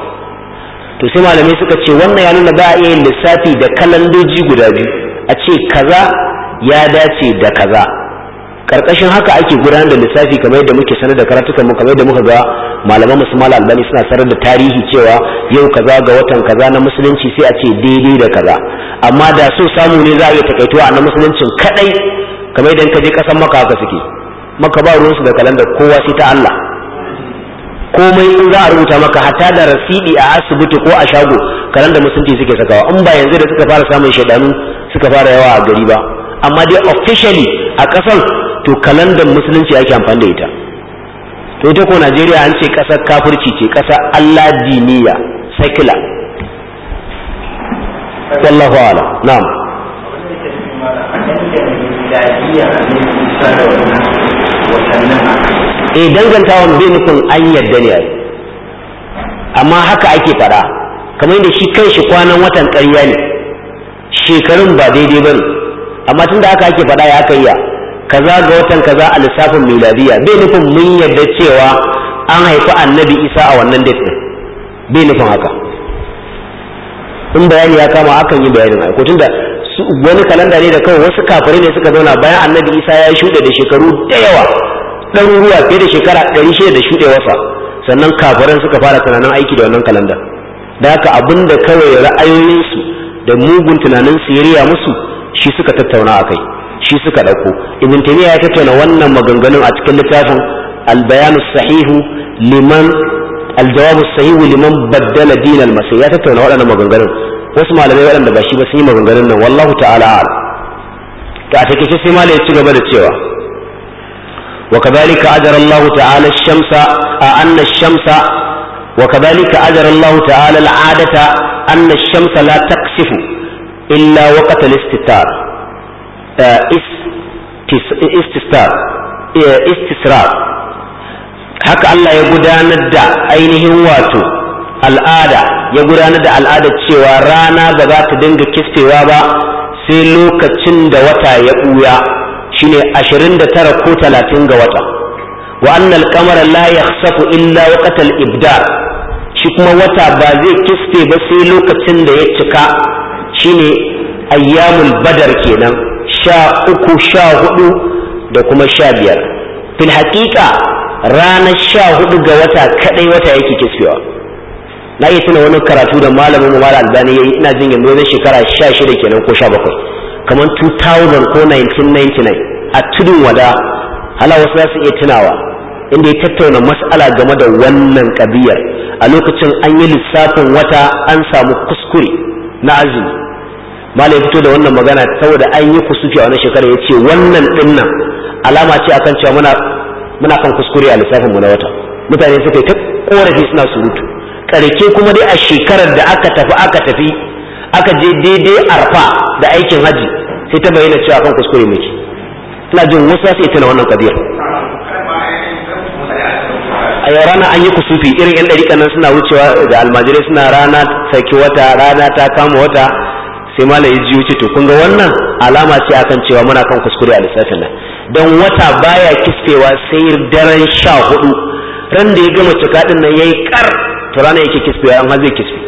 to sai malamai suka ce wannan ya nuna ba a iya yin lissafi da kalandoji guda biyu a ce kaza ya dace da kaza karkashin haka ake gudanar da lissafi kamar yadda muke sanar da karatukan mu kamar yadda muka ga malaman musu mala albani suna sanar da tarihi cewa yau kaza ga watan kaza na musulunci sai a ce daidai da kaza amma da so samu ne za a iya takaituwa na musuluncin kadai kamar yadda ka je kasan maka haka suke maka ba ruwansu da kalanda kowa sai ta Allah komai in za a rubuta maka hatta da rasidi a asibiti ko a shago karan da musulunci suke sakawa in ba yanzu da suka fara samun shaidanu suka fara yawa a gari ba amma dai officially a kasan to kalandar musulunci ake amfani da ita to ita ko Najeriya an ce kasar kafirci ce kasar Allah diniya secular wallahu ala na'am eh dangantawan zai nufin an yarda ne amma haka ake faɗa kamar yadda shi shi kwanan watan ƙarya ne shekarun ba daidai ba ne amma tun da haka ake faɗa ya aka iya kaza ga watan kaza a lissafin miladiya bai nufin mun yarda cewa an haifi annabi isa a wannan date bai nufin haka in bayani ya kama akan yi bayanin aiko tun da wani kalanda ne da kawai wasu kafirai ne suka zauna bayan annabi isa ya shuɗe da shekaru da yawa ɗaruruwa fiye da shekara ɗari shida da shuɗe wasa, sannan kafiran suka fara tunanin aiki da wannan kalandar, da haka abin da kawai ra'ayoyinsu da mugun tunanin siriya musu shi suka tattauna a kai shi suka ɗauko ibn taymiya ya tattauna wannan maganganun a cikin littafin al sahihu liman al-jawabu sahihu liman baddala din al-masih ya tattauna waɗannan maganganun wasu malamai waɗanda ba shi ba sun yi maganganun nan wallahu ta'ala a'lam to a sai malai ya ci gaba da cewa وكذلك أجر الله تعالى الشمس أن الشمس وكذلك أجر الله تعالى العادة أن الشمس لا تكسف إلا وقت الاستتار استستار استسرار haka Allah ya gudanar da ainihin wato al'ada ya gudanar da al'ada cewa rana ba za ta dinga kisfewa ba sai lokacin da wata ya ɓuya shine 29 ko 30 ga wata wa annal qamara la yakhsafu illa waqt al ibda shi kuma wata ba zai kiste ba sai lokacin da ya cika shine ayyamul badar kenan sha uku sha hudu da kuma sha biyar fil haqiqa ranar sha hudu ga wata kadai wata yake kiskewa na iya tuna wani karatu da malamin mu malam albani yayi ina jin yanzu na shekara 16 kenan ko 17 kamar 2000 ko 1999 a tudun wada hala wasu za su iya tunawa inda ya tattauna matsala game da wannan kabiyar a lokacin an yi lissafin wata an samu kuskure na azumi malai fito da wannan magana saboda an yi kusufi a wannan shekarar ya ce wannan dinnan alama ce akan cewa muna kan kuskure a lissafin mu na wata mutane suka yi ta korafi suna surutu ƙarke kuma dai a shekarar da aka tafi aka tafi aka je daidai arfa da aikin haji sai ta bayyana cewa kan kuskure miki ina jin wasu sai tana wannan kabiyar a yau rana an yi kusufi irin yan ɗari nan suna wucewa da almajirai suna rana saki wata rana ta kama wata sai malam ya ji wuce to kun ga wannan alama ce akan cewa muna kan kuskure a lissafin nan don wata baya kisfewa sai daren sha hudu ran da ya gama cika nan yayi kar to rana yake kiskewa an har kiskewa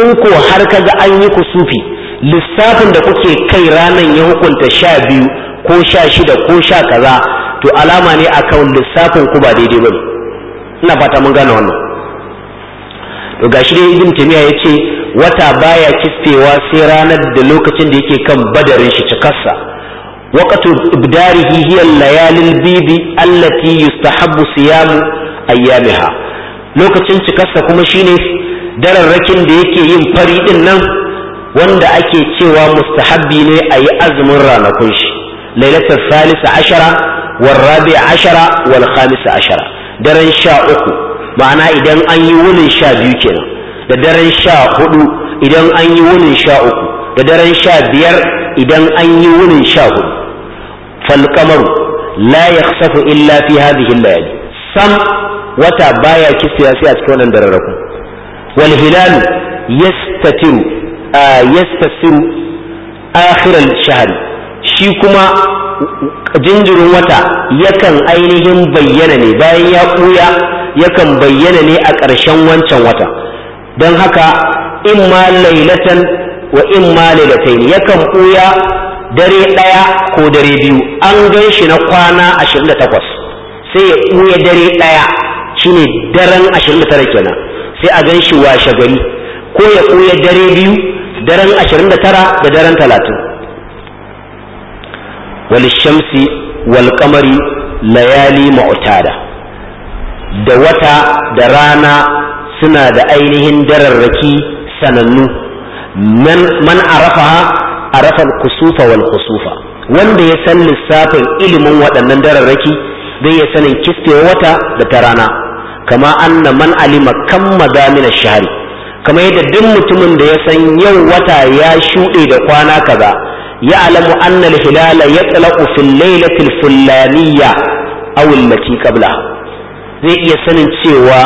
in ko har ga an yi sufi, lissafin da kuke kai ranar ya hukunta sha biyu ko sha shida ko sha kaza to alama ne a kan lissafin ku ba daidai ne ina fata mun gane wannan to gashi dai ibn tamiya ce, wata baya kisfewa sai ranar da lokacin da yake kan badarin shi cikarsa waqtu ibdarihi hiya layalil bibi allati yustahabbu siyamu ayyamiha lokacin cikarsa kuma shine dararrakin da yake yin fari din nan wanda ake cewa mustahabbi ne a yi azumin ranakun shi lailatar salisa ashara wal rabi ashara wal khamisa ashara daren sha uku ma'ana idan an yi wunin sha biyu kenan da daren sha hudu idan an yi wunin sha uku da daren sha biyar idan an yi wunin sha hudu falkamaru la yakhsafu illa fi hadhihi al-layali sam wata baya kisiya sai a cikin wannan dararrakun wal hilalu yastatiru yastasiru akhir shi kuma jinjirin wata yakan ainihin bayyana ne bayan ya ɓuya yakan bayyana ne a ƙarshen wancan wata don haka imma lailatan wa imma lailatain yakan ɓuya dare ɗaya ko dare biyu an gan shi na kwana 28 sai ya ɓuya dare ɗaya shine daren tara kenan sai a gan shi washe gari ko ya koya dare biyu daren ashirin da daren 30 wal shamsi wal kamari layali ma'utada da wata da rana suna da ainihin dararraki sanannu man arafa arafa kusufa wal kusufa wanda ya san lissafin ilimin waɗannan dararraki zai ya sanin kistewa wata da ta rana kama anna man alima kam madamin shahari kama yadda duk mutumin da ya san yau wata ya shuɗe da kwana kaza ya alamu anna hilala ya yatlaqu fil laylatil fullaniyya aw allati qabla zai iya sanin cewa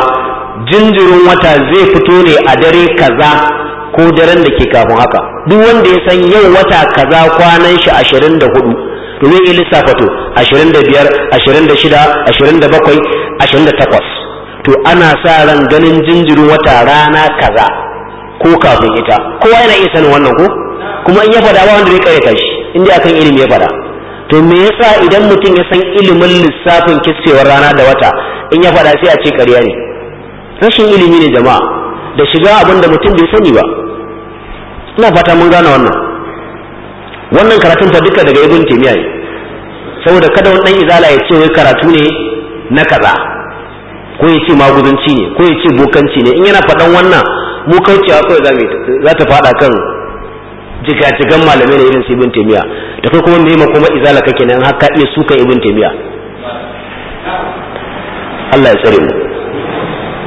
jinjirin wata zai fito ne a dare kaza ko daren da ke kafin haka duk wanda ya san yau wata kaza kwanan shi ashirin da hudu to zai iya lissafa to ashirin da biyar ashirin da shida ashirin da bakwai ashirin da takwas to ana sa ran ganin jinjirin wata rana kaza ko kafin ita kowa yana iya sanin wannan ko kuma in ya faɗa ba wanda zai karyata shi inda akan ilimi ya fada to me yasa idan mutum ya san ilimin lissafin kiskewar rana da wata in ya faɗa sai a ce karya ne rashin ilimi ne jama'a da shiga abin da mutum bai sani ba ina fata mun gane wannan wannan karatun ta duka daga ibn taymiya saboda kada wani dan izala ya ce wai karatu ne na kaza ko ya ce maguzanci ne ko ya ce bokanci ne in yana faɗan wannan mu kaucewa kawai za za ta faɗa kan jigajigan malamai na irin su ibn taymiya da kai kuma mai kuma izala kake nan har ka iya suka ibn taymiya Allah ya tsare mu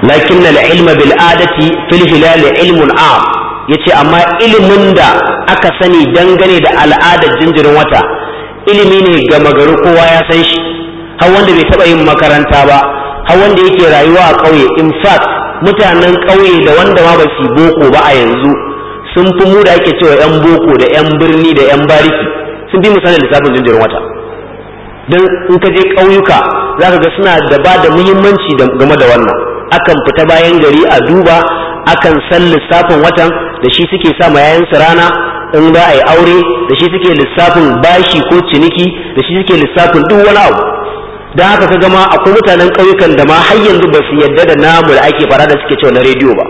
lakin na ilma bil adati fil hilal ilmun a yace amma ilimin da aka sani dangane da al'adar jinjirin wata ilimi ne ga magaru kowa ya san shi har wanda bai taba yin makaranta ba har wanda yake rayuwa a ƙauye in fact mutanen ƙauye da wanda ma ba su boko ba a yanzu sun fi mu da ake cewa yan boko da yan birni da yan bariki sun fi misalin lissafin jinjirin wata don in ka je ƙauyuka za ka ga suna da ba da muhimmanci game da wannan akan fita bayan gari a duba akan san lissafin watan da shi suke sa ma yayansu rana in za a yi aure da shi suke lissafin bashi ko ciniki da shi suke lissafin duk wani abu da haka ka gama akwai mutanen ƙauyukan da ma har yanzu ba su yadda da namu da ake fara da suke cewa na rediyo ba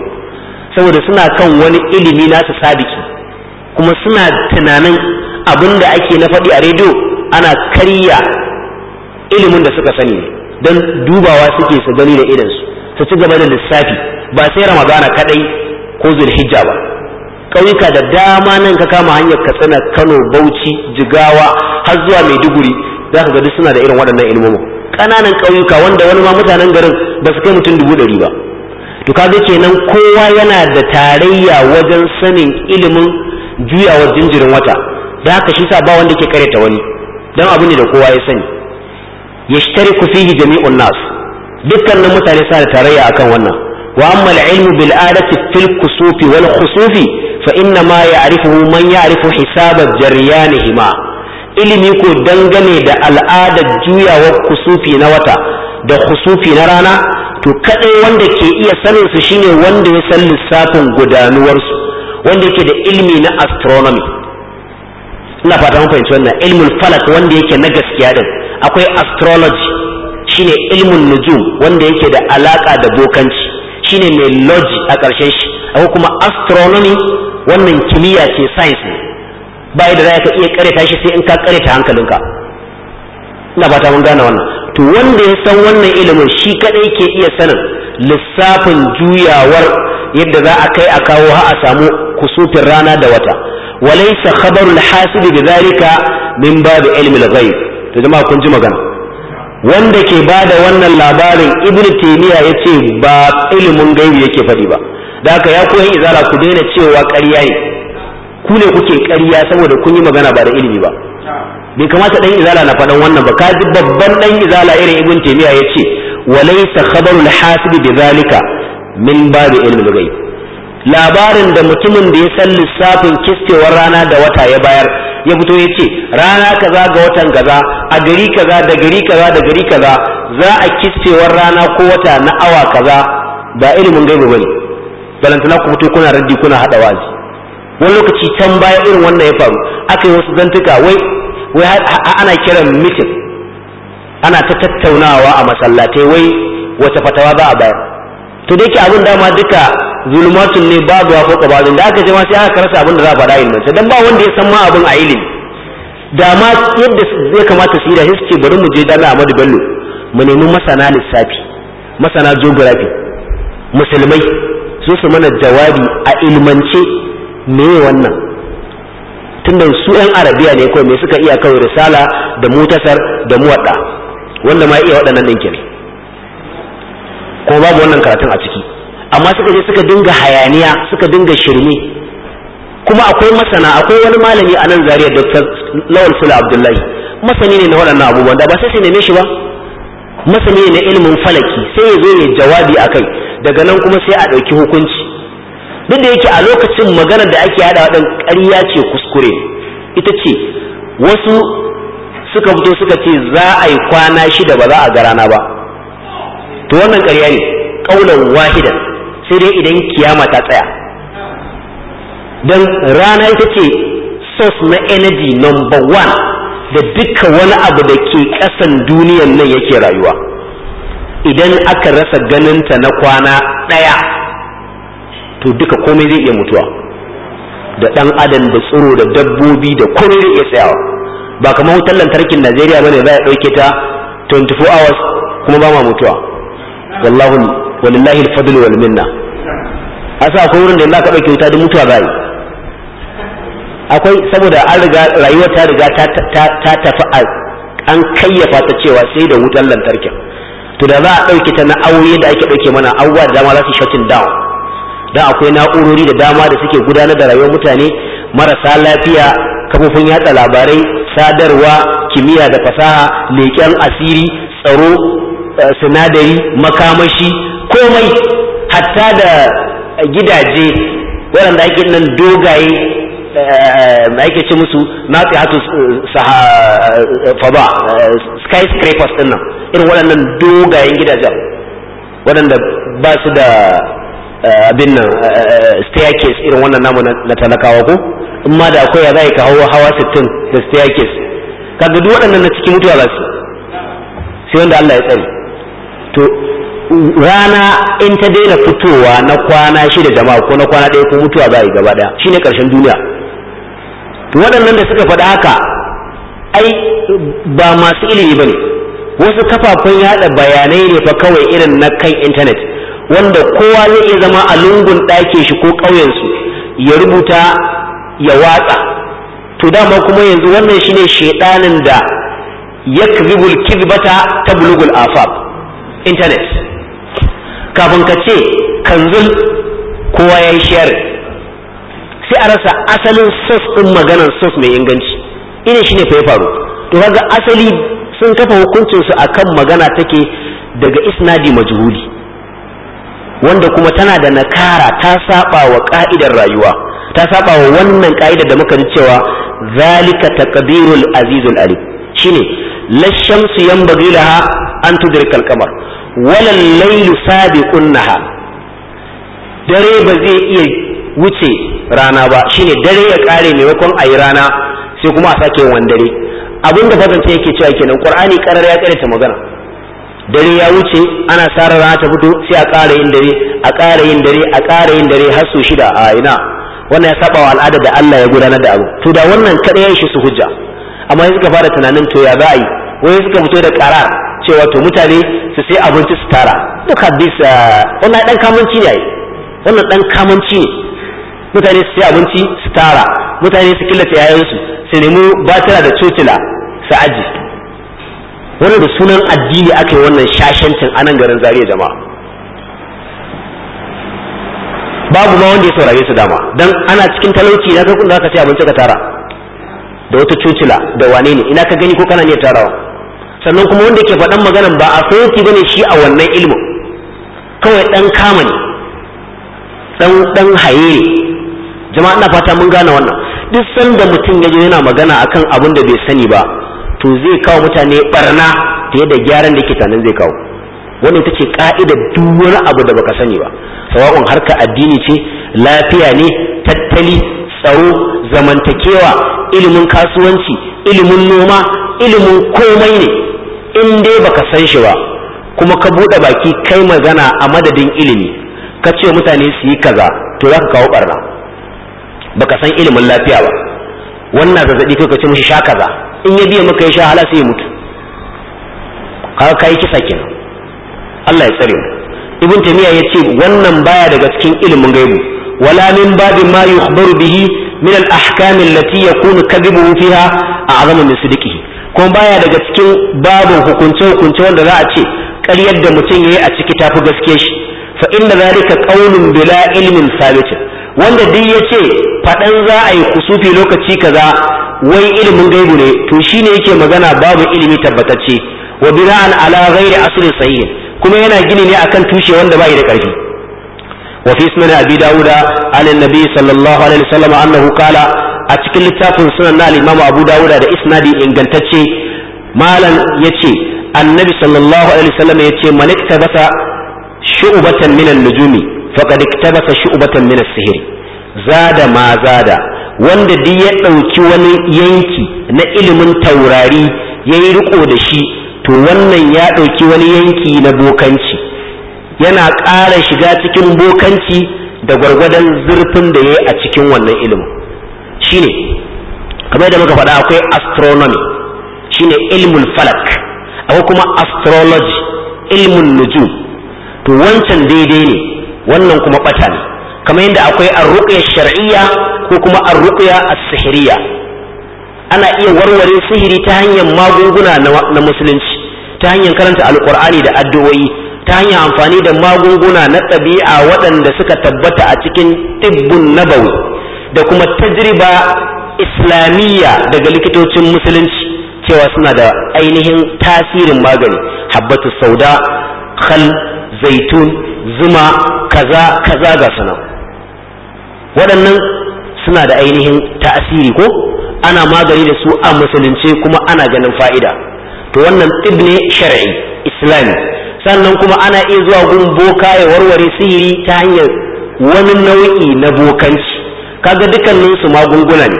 saboda suna kan wani ilimi nasu sabiki kuma suna tunanin abin da ake na faɗi a rediyo ana karya ilimin da suka sani don dubawa suke su gani da idansu su ci gaba da lissafi ba sai ramadana kaɗai ko zulhijja ba ƙauyuka da dama nan ka kama hanyar katsina kano bauchi jigawa har zuwa maiduguri za ka ga duk suna da irin waɗannan ilmomi ƙananan ƙauyuka wanda wani ma mutanen garin ba su kai mutum dubu ɗari ba to kaga kenan kowa yana da tarayya wajen sanin ilimin juyawar jinjirin wata da haka shi sa ba wanda ke karyata wani don abu ne da kowa ya sani Ya shi fihi jami'un nas dukkanin mutane suna da tarayya akan wannan wa amma al-ilmu bil adati fil kusufi wal khusufi fa inna ma arifu man ya'rifu hisaba hima. ilimi ko dangane da al'adar juyawar kusufi na wata da kusufi na rana to kaɗai wanda ke iya sanin su shine wanda ya san lissafin gudanuwarsu wanda yake da ilimi na astronomy ina fata mun fahimci wannan ilmul falak wanda yake na gaskiya din akwai astrology shine ilmun nujum wanda yake da alaka da bokanci shine mai logi a ƙarshen shi akwai kuma astronomy wannan kimiyya ce science ne bai da za ka iya kareta shi sai in ka kareta hankalinka ina ta mun gane wannan to wanda ya san wannan ilimin shi kadai ke iya sanin lissafin juyawar yadda za a kai a kawo ha a samu kusufin rana da wata walaysa khabarul hasib bidhalika min babu ilmi al-ghaib to jama'a kun ji magana wanda ke bada wannan labarin ibn taymiya yace ba ilimin gaibi yake faɗi ba da haka ya koyi izara ku daina cewa ƙarya ne ku ne kuke ƙarya saboda kun yi magana ba da ilimi ba bai kamata dan izala na faɗan wannan ba kaji babban dan izala irin ibn taymiya yace walaysa khabarul hasib bidhalika min babu ilmi lugai labarin da mutumin da ya san lissafin kistewar rana da wata ya bayar ya fito ya ce rana kaza ga watan kaza a gari kaza da gari kaza da gari kaza za a kistewar rana ko wata na awa kaza ba ilimin gaibu bane balantana ku fito kuna raddi kuna hada wazi wani lokaci can baya irin wannan ya faru aka yi wasu zantuka wai wai ana kiran mitin ana ta tattaunawa a masallatai wai wata fatawa ba a bayar to da yake abin dama duka zulumatun ne babu ya foka da aka je sai aka karasa abin da za a faɗa ilmin dan ba wanda ya san ma abin a ilimi da yadda zai kamata su yi da suke bari mu je dana Ahmadu Bello mu nemi masana lissafi masana geography musulmai su su mana jawabi a ilmance meye wannan tunda su yan arabiya ne kawai me suka iya kawai risala da mutasar da muwadda wanda ma iya waɗannan ɗin ne ko babu wannan karatun a ciki amma suka je suka dinga hayaniya suka dinga shirme kuma akwai masana akwai wani malami a nan zariya dr lawal sula abdullahi masani ne na waɗannan abubuwan da ba sai sai neme shi ba masani ne na ilimin falaki sai ya zo ya jawabi a kai daga nan kuma sai a ɗauki hukunci duk da yake a lokacin maganar da ake hada wadan ƙarya ce kuskure ita ce wasu suka fito suka ce za a yi kwana shida ba za a ga rana ba to wannan ƙarya ne ƙaunar wahidan sai dai idan kiyama ta tsaya don rana ita ce source na energy number one da duka wani abu da ke ƙasan duniyan nan yake rayuwa idan aka rasa ganinta na kwana ɗaya to duka komai zai iya mutuwa da ɗan adam da tsoro da dabbobi da komai zai iya tsayawa ba kamar wutar lantarkin najeriya bane za ya ɗauke ta 24 hours kuma ba ma mutuwa wallahu walillahi alfadl wal minna asa akwai wurin da yanzu aka ɗauke wuta da mutuwa bai akwai saboda an riga rayuwa ta riga ta tafi an kayyafa ta cewa sai da wutar lantarkin to da za a ɗauke ta na aure da ake ɗauke mana abubuwa da dama za su shutting down da akwai na'urori da dama da suke gudanar da rayuwar mutane marasa lafiya kafofin yatsa labarai sadarwa kimiyya da fasaha leƙen asiri tsaro eh, sinadari makamashi komai hatta da gidaje waɗanda ake nan dogaye eh, ake ce musu nafi hatu eh, faba skyscrapers ɗin nan irin waɗannan dogayen gidajen waɗanda ba su da Eh, abin nan eh, eh, staircase irin wannan namu na talakawa ko in ma da akwai ya zai ka hawa hawa 60 da staircase kaga duk waɗannan na cikin mutuwa za su sai wanda Allah ya tsare to rana in ta daina fitowa na kwana shida jama'a ko na kwana ɗaya ko mutuwa za a yi gaba ɗaya shine karshen duniya waɗannan da suka faɗi haka ai ba masu ilimi ba ne wasu kafafen yada bayanai ne fa kawai irin na kan intanet wanda kowa zai iya zama a lungun ɗakin shi ko ƙauyensu ya rubuta ya watsa to dama kuma yanzu wannan shine shaidanin da yakzibul kizbata bulugul afab internet kafin ka ce kanzul kowa ya yi sai a rasa asalin sos ɗin maganar sos mai inganci ina shine fa ya faru to kaga asali sun kafa hukuncinsu a kan magana take daga isnadi majhuli wanda kuma tana da nakara ta saba wa ka'idar rayuwa ta saba wa wannan ka'idar da muka ji cewa zalika taqdirul azizul Ali shine la shamsu yanbaghi laha an tudrika al-qamar wala al-laylu sabiqun naha dare ba zai iya wuce rana ba shine dare ya kare maimakon ayi rana sai kuma a sake wani dare abinda fasance yake cewa kenan qur'ani karar ya kare ta magana dare ya wuce ana sara rana ta fito sai a ƙara yin dare a ƙara yin dare a ƙara yin dare har su shida a ina wannan ya saba wa al'ada da Allah ya gudanar da abu to da wannan kada ya shi su hujja amma yanzu suka fara tunanin to ya za'a yi wai suka fito da karar cewa to mutane su sai abinci su tara duk hadis eh, wannan dan kamanci ne wannan dan kamanci ne mutane su sai abinci su tara mutane su killace yayansu su nemi batira da cocila su aji wani da sunan addini aka yi wannan shashancin anan garin zariya jama'a babu ma wanda ya saurare su dama don ana cikin talauci na kakun da aka ce abinci ka tara da wata cucula da wane ne ina ka gani ko kana ne tarawa sannan kuma wanda ke faɗan maganan ba a soki bane shi a wannan ilimin kawai ɗan kama ne ɗan haye ne jama'a ina fata mun gane wannan duk sanda mutum ya yana magana akan abin da bai sani ba to zai kawo mutane barna fiye da gyaran da ke zai kawo wannan ita ce ka'ida duk abu da baka sani ba sawa'un harka addini ce lafiya ne tattali tsaro zamantakewa ilimin kasuwanci ilimin noma ilimin komai ne in dai baka san shi ba kuma ka buɗe baki kai magana a madadin ilimi ka ce mutane su yi kaza to za ka kawo barna baka san ilimin lafiya ba wannan zazzaɓi kai ka ci mishi sha kaza in ya biya maka ya sha hala sai ya mutu kaga kai kisa kenan Allah ya tsare mu ibn tamiya ce wannan baya daga cikin ilimin gaibu wala min babin ma yukhbaru bihi min al ahkam allati yakunu kadhibuhu fiha a'zamu min sidqihi kuma baya daga cikin babin hukunce hukunce wanda za a ce ƙaryar da mutum yayi a ciki tafi gaskiya shi fa inna zalika qaulun bila ilmin sabit wanda duk yace faɗan za a yi kusufi lokaci kaza wai ilimin gaibu ne to shine yake magana babu ilimi tabbatacce wa bina'an ala ghairi asli sahih kuma yana gini ne akan tushe wanda bai da ƙarfi wa fi sunan abi dauda ala nabi sallallahu alaihi wasallam annahu qala a cikin littafin sunan na imam abu dauda da isnadi ingantacce malam yace annabi sallallahu alaihi wasallam yace man iktabasa shu'batan min nujumi faqad iktabasa shu'batan min as zada ma zada wanda duk ya ɗauki wani yanki na ilimin taurari ya yi riko da shi to wannan ya ɗauki wani yanki na bokanci yana ƙara shiga cikin bokanci da gwargwadon zurfin da ya yi a cikin wannan ilimin shine kamar da muka faɗa akwai astronomy shine ilmul falak akwai kuma astrology ilimin nujum to wancan daidai ne wannan kuma ɓata ne kamar yadda akwai arruƙiyar shar'iyya ko kuma arruƙiya as-sihiriya ana iya warware sihiri ta hanyar magunguna na musulunci ta hanyar karanta alƙur'ani da addu'o'i ta hanyar amfani da magunguna na ɗabi'a waɗanda suka tabbata a cikin tibbun nabawi da kuma tajriba islamiyya daga likitocin musulunci cewa suna da ainihin tasirin magani habbatu sauda khal zaitun zuma kaza kaza ga sunan waɗannan suna da ainihin tasiri ko ana magani da su a musulunci kuma ana ganin fa'ida to wannan ibne ne shar'i islami sannan kuma ana iya zuwa gun boka ya warware sihiri ta hanyar wani nau'i na bokanci kaga dukkanin su magunguna ne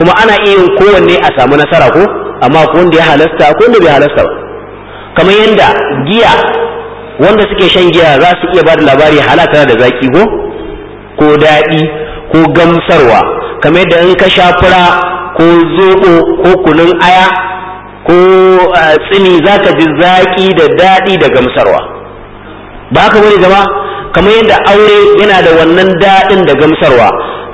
kuma ana iya yin kowanne a samu nasara ko amma ko wanda ya halasta ko wanda bai halasta ba kamar yadda giya wanda suke shan giya za su iya ba da labari halaka da zaki ko ko daɗi ko gamsarwa kamar yadda in ka shafura ko zoɓo ko kunun aya ko tsini za ka ji zaƙi da daɗi da gamsarwa ba ka bari zama kamar yadda aure yana da wannan daɗin da gamsarwa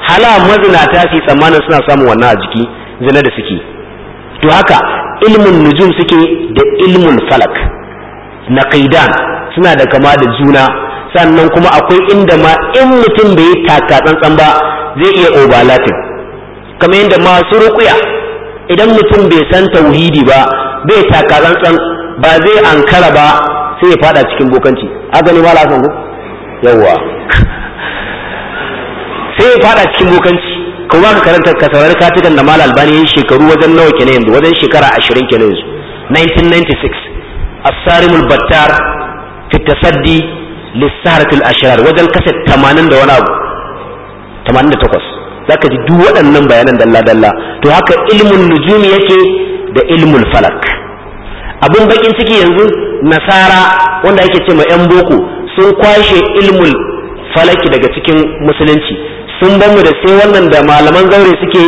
hala mazinata su tsammanin suna samun wannan a jiki zina da suke to haka ilmin nujum suke da ilmin falak na kaidan suna da kama da juna sannan kuma akwai inda ma in mutum bai yi taka tsantsan ba zai iya obalatin kamar yadda masu rukuya idan mutum bai san tauhidi ba bai taka tsantsan ba zai ankara ba sai ya fada cikin bokanci haka ne mala san yawa *laughs* sai ya fada cikin bokanci kuma ka karanta ka saurari katikan da malal bani yin shekaru wajen nawa kenan yanzu wajen shekara 20 kenan yanzu 1996 asarimul battar fi tasaddi lissaratul ashirar wajen kasa 80 da wani abu 88 zaka ji duk waɗannan bayanan dalla dalla to haka ilmun nujumi yake da ilmul falak abin bakin ciki yanzu nasara wanda yake ce ma yan boko sun kwashe ilmul falaki daga cikin musulunci sun bamu da sai wannan da malaman zaure suke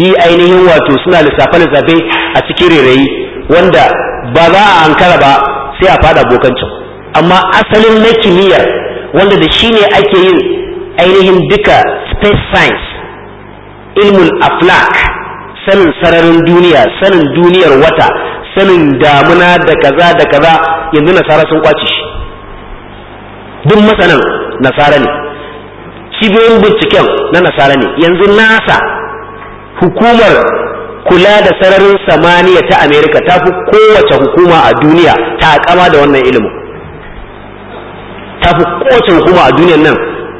yi ainihin wato suna lissafe lissafe a cikin rairayi wanda ba za a ankara ba sai a fada bokancin amma asalin na kimiyyar wanda da shi ne ake yin ainihin duka space science ilmul aflak sanin sararin duniya sanin duniyar wata sanin damuna da kaza da kaza yanzu nasara sun kwace shi duk masanan nasara ne cibiyoyin binciken na nasara ne yanzu nasa hukumar kula da sararin samaniya ta amerika ta fi kowace hukuma a duniya ta kama da wannan ilimin tafi kowace hukuma a duniyar nan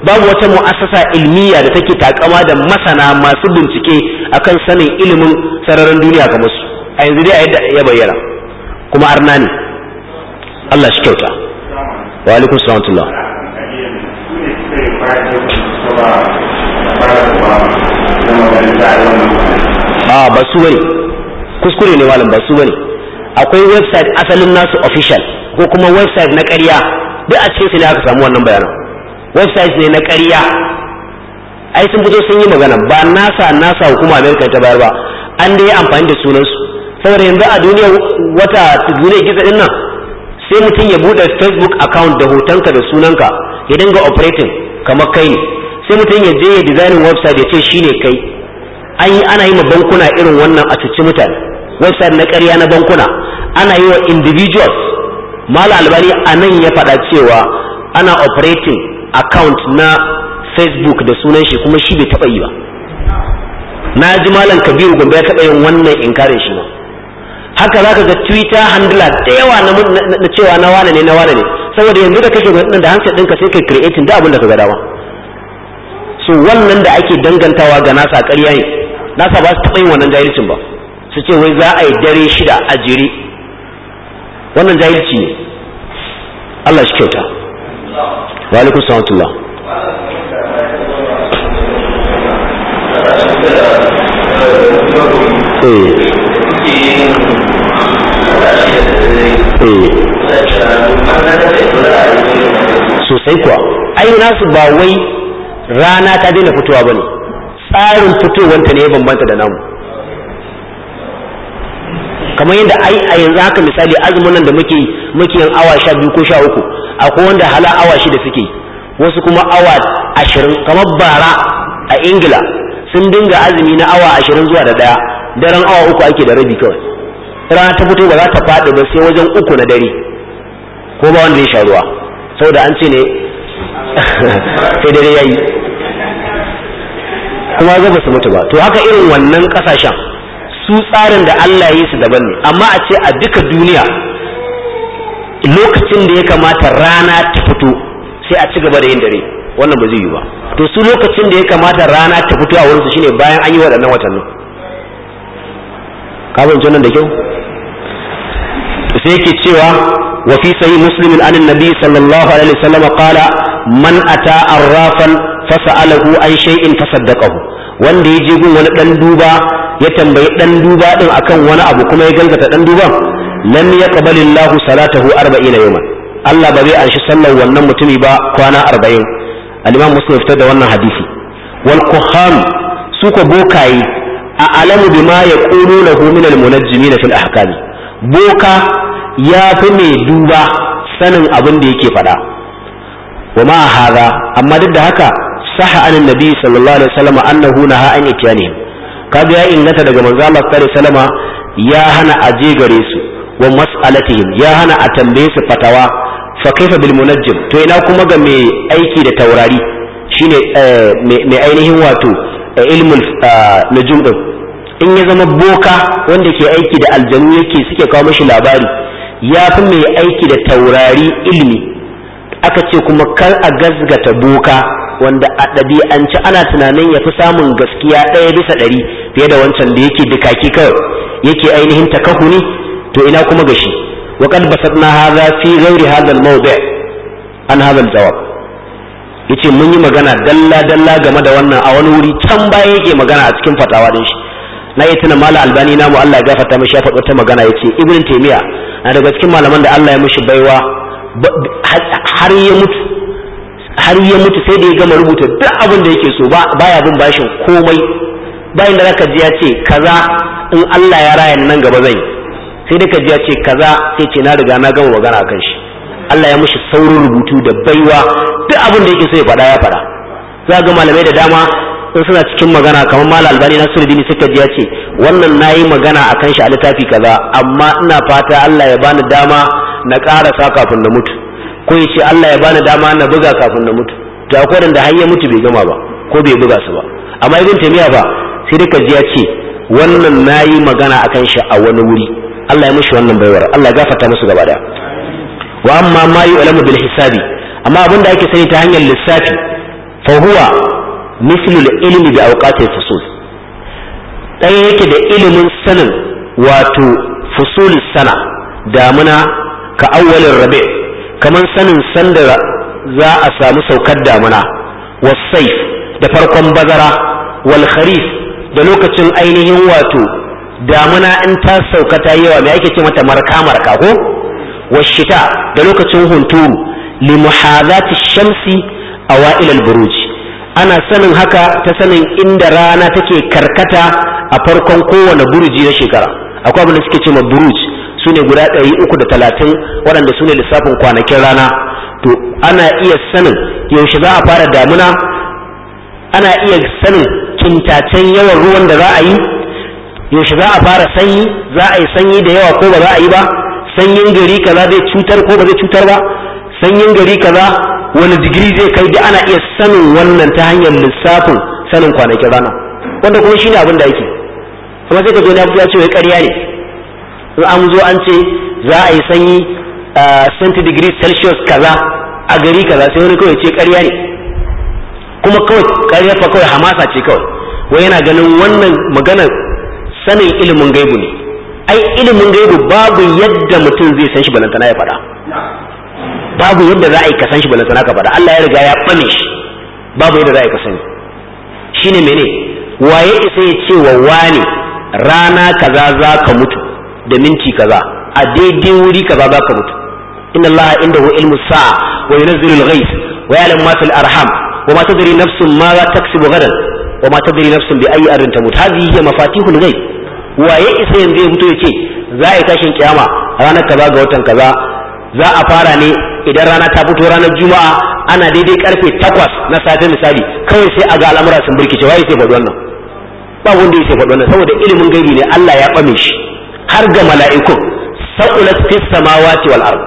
babu wata mu'assasa ilmiya da take takama da masana masu bincike akan sanin ilimin sararin duniya kamar su a yanzu dai a yadda ya bayyana kuma arna ne Allah shi kyauta wa alaikum salam tullah ah ba su bane kuskure ne malam ba su bane akwai website asalin nasu official ko kuma website na ƙarya duk a cikin su ne aka samu wannan bayanan website ne na ƙarya ai sun fito sun yi magana ba nasa nasa hukuma amerika ta bayar ba an dai amfani da sunansu saboda yanzu a duniya wata duniya gizo din nan sai mutum ya bude facebook account da hotonka da sunanka ya dinga operating kamar kai ne sai mutum ya je ya designing website ya ce shine kai an yi ana yi ma bankuna irin wannan a cuci mutane website na ƙarya na bankuna ana yi wa individuals mala albari a nan ya faɗa cewa ana operating account na facebook da sunan shi kuma shi bai taɓa yi ba na ji malam kabiru gombe ya taɓa yin wannan inkarin shi ba haka zaka ga twitter handler da yawa na cewa na wane ne na wane ne saboda yanzu da kake gudun da hankali ɗinka sai kai creating da abin da ka ga dama so wannan da ake dangantawa ga nasa ƙarya ne nasa ba su taɓa yin wannan jahilcin ba su ce wai za a yi dare shida a jere wannan jahilci ne Allah shi kyauta wa alaikum salatullah eh. eh. sosai kuwa ai nasu ba wai rana ta daina fitowa bane tsarin fitowanta ne ya bambanta da namu kamar yadda ai a yanzu haka misali azumin nan da muke muke yin awa sha biyu ko sha uku akwai wanda hala awa shida suke wasu kuma awa ashirin kamar bara a ingila sun dinga azumi na awa ashirin zuwa da daya daren awa uku ake da rabi kawai rana ta fito ba za ta faɗi ba sai wajen uku na dare ko ba wanda ya sha ruwa saboda an ce ne *laughs* sai dare ya yi kuma zai ba su mutu ba to haka irin wannan ƙasashen su tsarin da Allah ya yi su daban ne amma a ce a duka duniya lokacin da ya kamata rana ta fito sai a ci gaba da yin dare wannan ba zai yi ba to su lokacin da ya kamata rana ta fito a wurin su shine bayan an yi waɗannan watannin ka fahimci nan da kyau sai yake cewa wa fi sahih muslimin an annabi sallallahu alaihi wasallam qala man ata arrafan fasa'alahu an shay'in fasaddaqahu wanda ya je gun wani dan duba ya tambayi dan duba din akan wani abu kuma ya galgata dan duban lam yaqbal Allah salatahu 40 yawman Allah ba zai anshi sallar wannan mutumi ba kwana 40 al-Imam Muslim fitar da wannan hadisi wal kuham su ko bokaye a alamu bima yaqulu lahu min al-munajjimin fil ahkami boka ya fi mai duba sanin abin da yake faɗa wa ma haza amma duk da haka sahha anin nabi sallallahu alaihi wasallam annahu naha an ityani kaga ya inganta daga manzo Allah sallallahu salama ya hana aje gare su wa mas'alatihim ya hana a tambaye su fatawa fa kaifa bil munajjim to ina kuma ga mai aiki da taurari shine eh, mai ainihin wato eh, ilmul ah, nujum din in ya zama boka wanda ke aiki da aljanu yake suke kawo mashi labari ya fi mai aiki da taurari ilmi aka ce kuma kar a gazgata boka wanda a ɗabi'ance ana tunanin ya fi samun gaskiya ɗaya bisa ɗari fiye da wancan da yake dukaki kawai yake ainihin ne to ina kuma gashi wa qad na haza fi ghairi hadha al-mawdi' an hadha al-jawab yace mun yi magana dalla dalla game da wannan a wani wuri can baya yake magana a cikin fatawa din shi na yi tuna mala albani namu Allah ya gafarta mishi ya faɗo ta magana ya ce. ibn taimiya na daga cikin malaman da Allah ya mishi baiwa har ya mutu har ya mutu sai da ya gama rubuta duk abin da yake so baya bin bashin komai bayan da zaka ji ya ce kaza in Allah ya raya nan gaba zai sai da ka ji ya ce kaza sai ce na riga na gama magana akan shi Allah ya mushi saurin rubutu da baiwa duk abin da yake so ya faɗa ya faɗa za ga malamai da dama in suna cikin magana kamar malam albani nasiruddin suka ji ya ce wannan nayi magana akan shi a littafi kaza amma ina fata Allah ya bani dama na sa kafin na mutu ko ya ce Allah ya bani dama na buga kafin na mutu to akwai wanda har ya mutu bai gama ba ko bai buga su ba amma ibn taymiya ba sai duka ji ya ce wannan nayi magana akan shi a wani wuri Allah ya mishi wannan baiwar Allah ya gafarta musu gaba daya wa amma ma yu'lamu bil hisabi amma abin da ake sani ta hanyar lissafi fa huwa mislu al-ilmi bi awqati fusul yake da ilimin sanin wato fusul sana damuna ka awwalin rabi' kamar sanin sanda za a samu saukar damuna wasaif da farkon bazara wal kharif da lokacin ainihin wato damuna in ta sauka ta yawa me ake ce mata marka marka ko washita da lokacin hunturu li muhadhati shamsi awail al buruj ana sanin haka ta sanin inda rana take karkata a farkon kowane buruji na shekara akwai abin da suke ce ma buruj su ne guda ɗari uku da talatin waɗanda su ne lissafin kwanakin rana to ana iya sanin yaushe za a fara damuna ana iya sanin kintacen yawan ruwan da za a yi yaushe za a fara sanyi za a yi sanyi da yawa ko ba za a yi ba sanyin gari kaza zai cutar ko ba zai cutar ba sanyin gari kaza wani digiri zai kai da ana iya sanin wannan ta hanyar lissafin sanin kwanakin rana wanda kuma shine abin da yake kuma sai ka zo ne ya ce wai ƙarya ne in an zo an ce za a yi sanyi centi degree celsius kaza a gari kaza sai wani kawai ce ƙarya ne kuma kawai ƙarya fa kawai hamasa ce kawai wai yana ganin wannan maganar sanin ilimin gaibu ne ai ilimin gaibu babu yadda mutum zai san shi balantana ya faɗa babu yadda za a yi ka san shi balantana ka faɗa Allah ya riga ya ɓame shi babu yadda za a yi ka sani shine mene waye isa ya ce wa wani rana kaza za ka mutu da minti kaza a daidai wuri kaza za ka mutu inna allaha indahu ilmu sa'a wa yunzilu al-ghayth wa ya'lamu ma fil arham wa ma tadri nafsun ma za taksibu gadan wa ma tadri nafsun bi ayyi arrin tamut hadhihi hiya mafatihul ghaib waye isa yanzu ya ya yace za a yi tashin kiyama ranar kaza ga watan kaza za a fara ne idan rana ta fito ranar juma'a ana daidai karfe takwas na safe misali kawai sai a ga al'amura sun burkice waye sai faɗi wannan ba wanda yake faɗi wannan saboda ilimin gaibi ne Allah ya ɓame shi har ga mala'iku sa'ulat fi samawati wal ard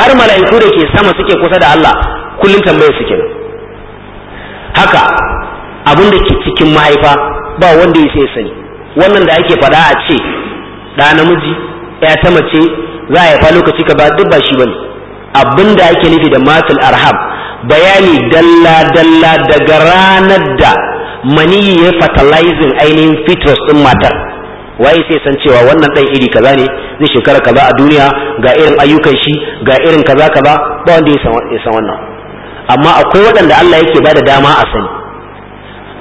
har mala'iku da ke sama suke kusa da Allah kullum tambayar suke nan haka abin da ke cikin mahaifa ba wanda ya sai sani wannan da ake faɗa a ce ɗa namiji ya ta mace za a haifa lokaci ka ba duk ba shi bane abin da ake nufi da matul arham bayani dalla dalla daga ranar da maniyi ya fatalizin ainihin fitrus din matar waye sai san cewa wannan dan iri kaza ne zai shekara kaza a duniya ga irin ayyukan shi ga irin kaza kaza ba wanda ya san wannan amma akwai waɗanda Allah yake ba da dama a sani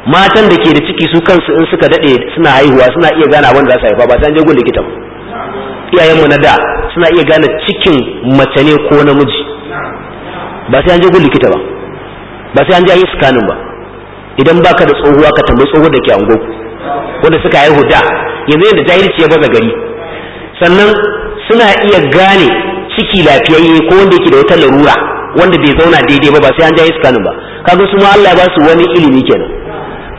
matan da ke da ciki su kansu in suka dade suna haihuwa suna iya gane abin da za su haifa ba san je gun likita iyayen iyayenmu na da suna iya gane cikin mace ne ko namiji ba sai an je gun likita ba ba sai an je yi scanning ba idan baka da tsohuwa ka tambayi tsohuwar da ke ango wanda suka haihu da yanzu yadda jahilci ya baza gari sannan suna iya gane ciki lafiyayye ko wanda yake da wata larura wanda bai zauna daidai ba ba sai an jahilci iskanin ba kaga su ma Allah ya ba su wani ilimi kenan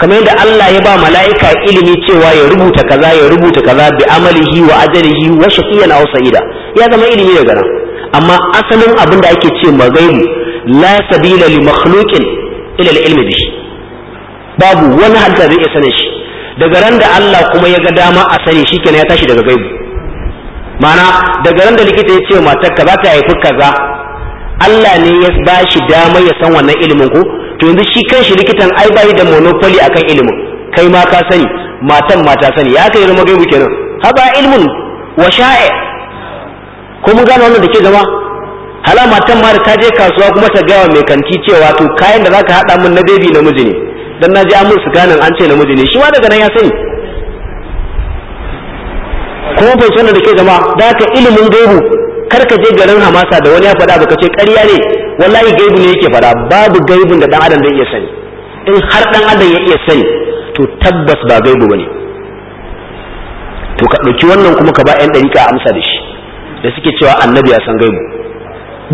kamar yadda Allah ya ba mala'ika ilimi cewa ya rubuta kaza ya rubuta kaza bi amalihi wa ajalihi wa shaqiyan aw sa'ida ya zama ilimi daga nan amma asalin abin da ake ce magaibu la sabila li makhluqin ila al-ilm bihi babu wani hadda zai iya sanin shi daga ran da Allah kuma ya ga dama a sani shikenan ya tashi daga gaibu mana daga ran da likita ya ce matar ka za ta haifi kaza Allah ne ya ba shi dama ya san wannan ilimin ko to yanzu shi kanshi likitan ai bai da monopoly akan ilimin kai ma ka sani matan ma sani ya kai zama gaibu kenan haba ilmun wa sha'i ko mun gane wannan da ke zama hala matan ma da ta je kasuwa kuma ta gaya mai kanti cewa to kayan da zaka hada min na baby namiji ne dan na an musu kanin an ce namiji ne shi ma daga nan ya sani kuma bai sanar da ke jama'a da haka ilimin gaibu kar ka je garin hamasa da wani ya faɗa baka ce ƙarya ne wallahi gaibu ne yake faɗa babu gaibun da dan adam zai iya sani in har dan adam ya iya sani to tabbas ba gaibu bane to ka ɗauki wannan kuma ka ba 'yan ka amsa da shi da suke cewa annabi ya san gaibu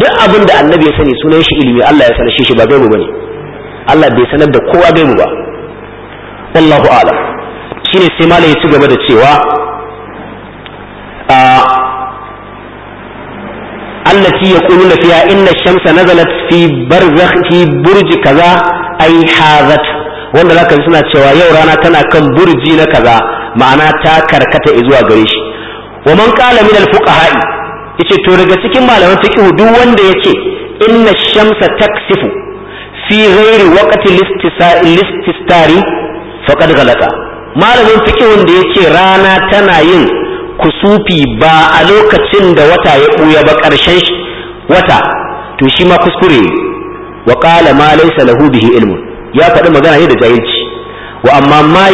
duk abin da annabi ya sani sunan shi ilimi Allah ya sanar shi ba gaibu bane Allah bai sanar da kowa gaimu ba wallahu a'lam shine sai malai ya ci gaba da cewa ah, allati yaquluna fiha inna ash-shamsa nazalat fi barzakh fi burj kaza ay hazat wanda zaka ji suna cewa yau rana tana kan burji na kaza ma'ana ta karkata zuwa gare shi wa man qala min al yace to daga cikin malaman fiqh duk wanda yace inna ash-shamsa taksifu fi ghairi waqti lististari faqad galata malamin fiqhun da yake rana tana yin kusufi ba a lokacin da wata ya buya ba karshen wata to shi ma kuskure wa qala ma laysa lahu bihi ilmu ya faɗi magana ne da jahilci wa amma ma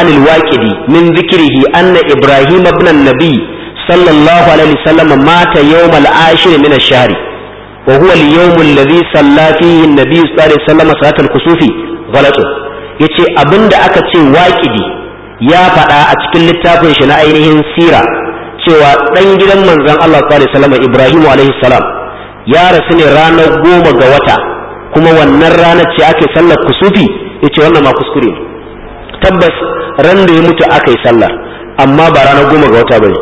anil waqidi min dhikrihi anna ibrahim ibn an-nabi sallallahu alaihi wasallam mata yawm al-ashir min ash-shahri wa huwa al-yawm alladhi salla fihi an-nabi sallallahu alaihi wasallam salatul kusufi ghalatu yace abinda aka ce waqidi ya fada a cikin littafin shi na ainihin sira cewa dan gidan manzon Allah sallallahu alaihi wasallam Ibrahim alaihi salam ya rasu ne ranar goma ga wata kuma wannan ranar ce ake sallar kusufi yace wannan ma kuskure tabbas ran da ya mutu aka sallar amma ba ranar goma ga wata bane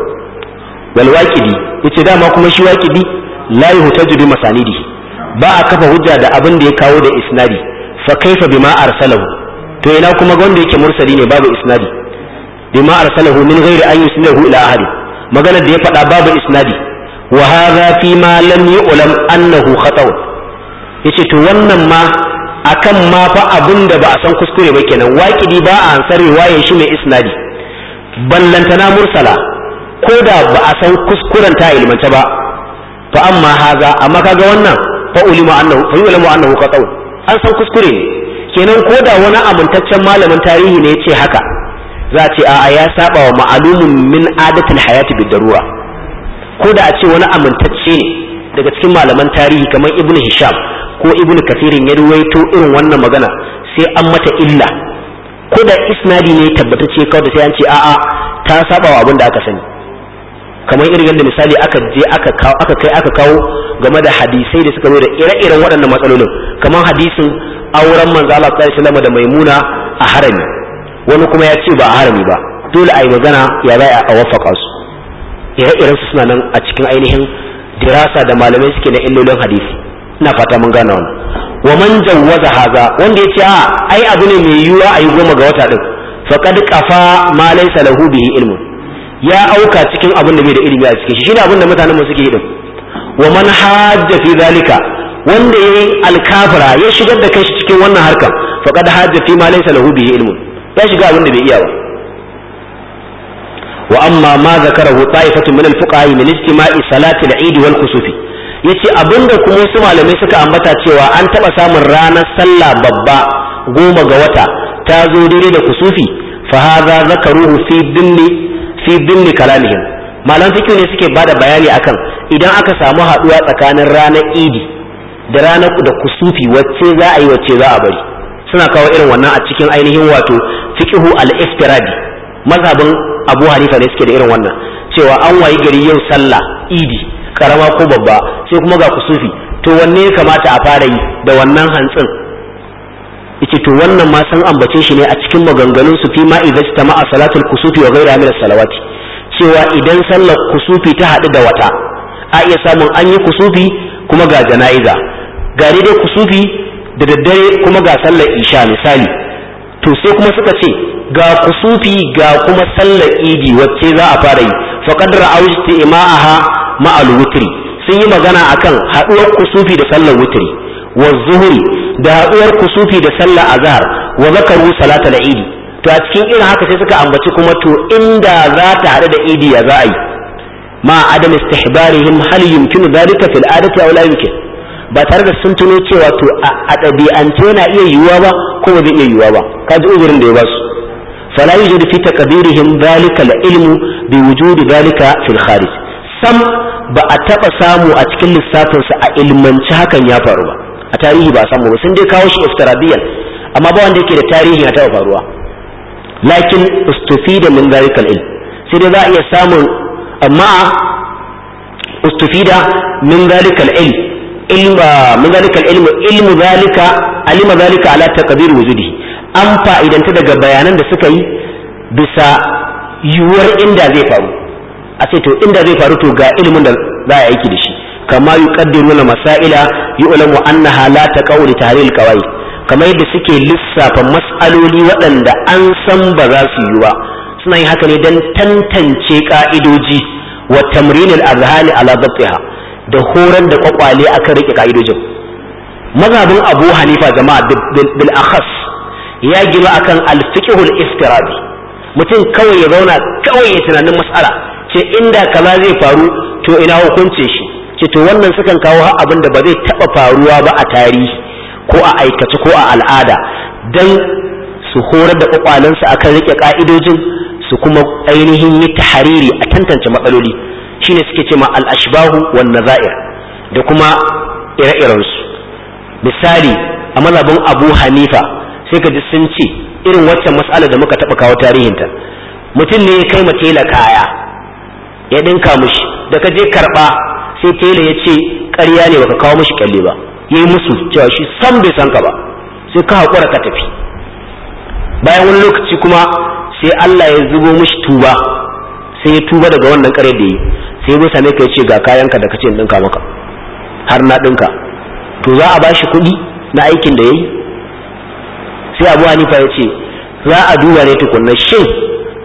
wal waqidi yace dama kuma shi waqidi la yuhtaju bi masanidi ba a kafa hujja da abin da ya kawo da isnadi fa kaifa bima arsalahu to ina kuma wanda yake mursali ne babu isnadi bima arsalahu min ghairi an yusnahu ila ahadi maganar da ya faɗa babu isnadi wa hadha fi ma lam yu'lam annahu khata'u yace to wannan ma akan ma fa abin da ba a san kuskure ba kenan waqidi ba a ansar riwayar shi mai isnadi ballantana mursala ko da ba a san kuskuren ta ilmanta ba fa amma haza amma kaga wannan fa ulima annahu fa yulamu annahu an san kuskure ne kenan koda wani amintaccen malamin tarihi ne yace haka za a ce a ya saba wa ma'alumin min adatil hayati bid darura koda a ce wani amintacce ne daga cikin malaman tarihi kamar ibnu hisham ko ibnu kafirin ya ruwaito irin wannan magana sai an mata illa ko da isnadi ne tabbatacce kawai sai an ce a'a ta saba wa abin da aka sani kamar irin yadda misali aka je aka kawo aka kai aka kawo game da hadisai da suka zo da ire-iren waɗannan matsalolin kamar hadisin auren manzo Allah sallallahu da Maimuna a harami wani kuma ya ce ba a harami ba dole a yi magana ya za a wafaka su ire-iren su suna nan a cikin ainihin dirasa da malamai suke na illolin hadisi ina fata mun gane wannan wa man jawwaza haza wanda ya a ai abu ne mai yiwuwa a yi goma ga wata din faqad qafa ma laysa lahu bihi ilmun ya auka cikin abin da bai da ilimi a cikin shi shine abin da mutanen mu suke yi din wa man hajja fi zalika wanda yayi alkafara ya shigar da kanshi cikin wannan harkar faqad hajja fi ma laysa lahu bihi ilmun ya shiga abin da bai iya ba wa amma ma zakarahu ta'ifatu min al min istima'i salati al-eid wal kusufi yace abinda kuma wasu malamai suka ambata cewa an taba samun ranar sallah babba goma ga wata ta zo dare da kusufi fa hadha zakaruhu fi dinni fi dhimmi kalamihim malan fiqh ne suke bada bayani akan idan aka samu haduwa tsakanin ranar idi da ranar da kusufi wacce za a yi wacce za a bari suna kawo irin wannan a cikin ainihin wato fikihu al-iftiradi mazhabin Abu Hanifa ne suke da irin wannan cewa an wayi gari yau sallah idi karama ko babba sai kuma ga kusufi to wanne ya kamata a fara yi da wannan hantsin yace to wannan ma san ambace shi ne a cikin maganganun su fi ma idza istama'a salatul kusufi wa ghayra min salawati cewa idan sallar kusufi ta hadu da wata a iya samun an yi kusufi kuma ga jana'iza ga dai kusufi da daddare kuma ga sallar isha misali to sai kuma suka ce ga kusufi ga kuma sallar idi wacce za a fara yi faqad ra'aw isti'ma'aha ma'al wutri sun yi magana akan haduwar kusufi da sallar wutri wa zuhri da haɗuwar kusufi da sallah azhar wa zakaru da idi to a cikin irin haka sai suka ambaci kuma to inda za ta haɗu da idi ya za a yi ma adam istihbarihim hal yumkinu dhalika fil adati aw la yumkin ba tare da sun tuno cewa to a ɗabi'ance yana iya yiwuwa ba ko ba zai iya yiwuwa ba kaji uzurin da ya ba su فلا يوجد في تقديرهم ذلك العلم بوجود ذلك في الخارج sam ba a taɓa samu a cikin lissafinsa a ilmanci hakan ya faru ba a tarihi ba a samu ba sun dai kawo shi iftiradiyan amma ba wanda yake da tarihi a taɓa faruwa lakin ustufida min zalikal ilm sai dai za a iya samun amma ustufida min zalikal ilm ilma min ilm ilmu zalika alima zalika ala taqdir wujudi an fa'idanta daga bayanan da suka yi bisa yuwar inda zai faru a ce to inda zai faru to ga ilimin da za a aiki da shi kama yuqaddiruna masaila yu'lamu annaha la taqau li tahlil qawaid kamar yadda suke lissafa mas'aloli waɗanda an san ba za su yi ba suna yi haka ne don tantance ƙa'idoji wa tamrin al-azhani ala dhabtiha da horar da kwakwale akan rike ka'idojin mazhabin Abu Hanifa jama'a bil akhas ya gina akan al-fiqhul istirabi mutum kawai ya zauna kawai ya tunanin mas'ala ce inda kaza zai faru to ina hukunce shi ce wannan sukan kawo har abin da ba zai taɓa faruwa ba a tarihi ko a aikace ko a al'ada don su horar da a akan rike ƙa'idojin su kuma ainihin yi tahariri a tantance matsaloli shine suke ce ma al-ashbahu wan nazair da kuma ire iren su. misali a mazhabin Abu Hanifa sai ka ji sun ce irin waccan mas'ala da muka taɓa kawo tarihinta mutum ne ya kai mace kaya ya ɗinka mushi da ka je karɓa sai tela ya ce ƙarya ne baka kawo mishi kyalle ba yayi musu cewa shi san bai san ka ba sai ka haƙura ka tafi bayan wani lokaci kuma sai Allah ya zubo mishi tuba sai ya tuba daga wannan ƙaryar da yi sai ya same ka ce ga kayanka da kace in ɗinka maka har na ɗinka to za a bashi kuɗi na aikin da yayi sai Abu Hanifa ya ce za a duba ne tukunna shin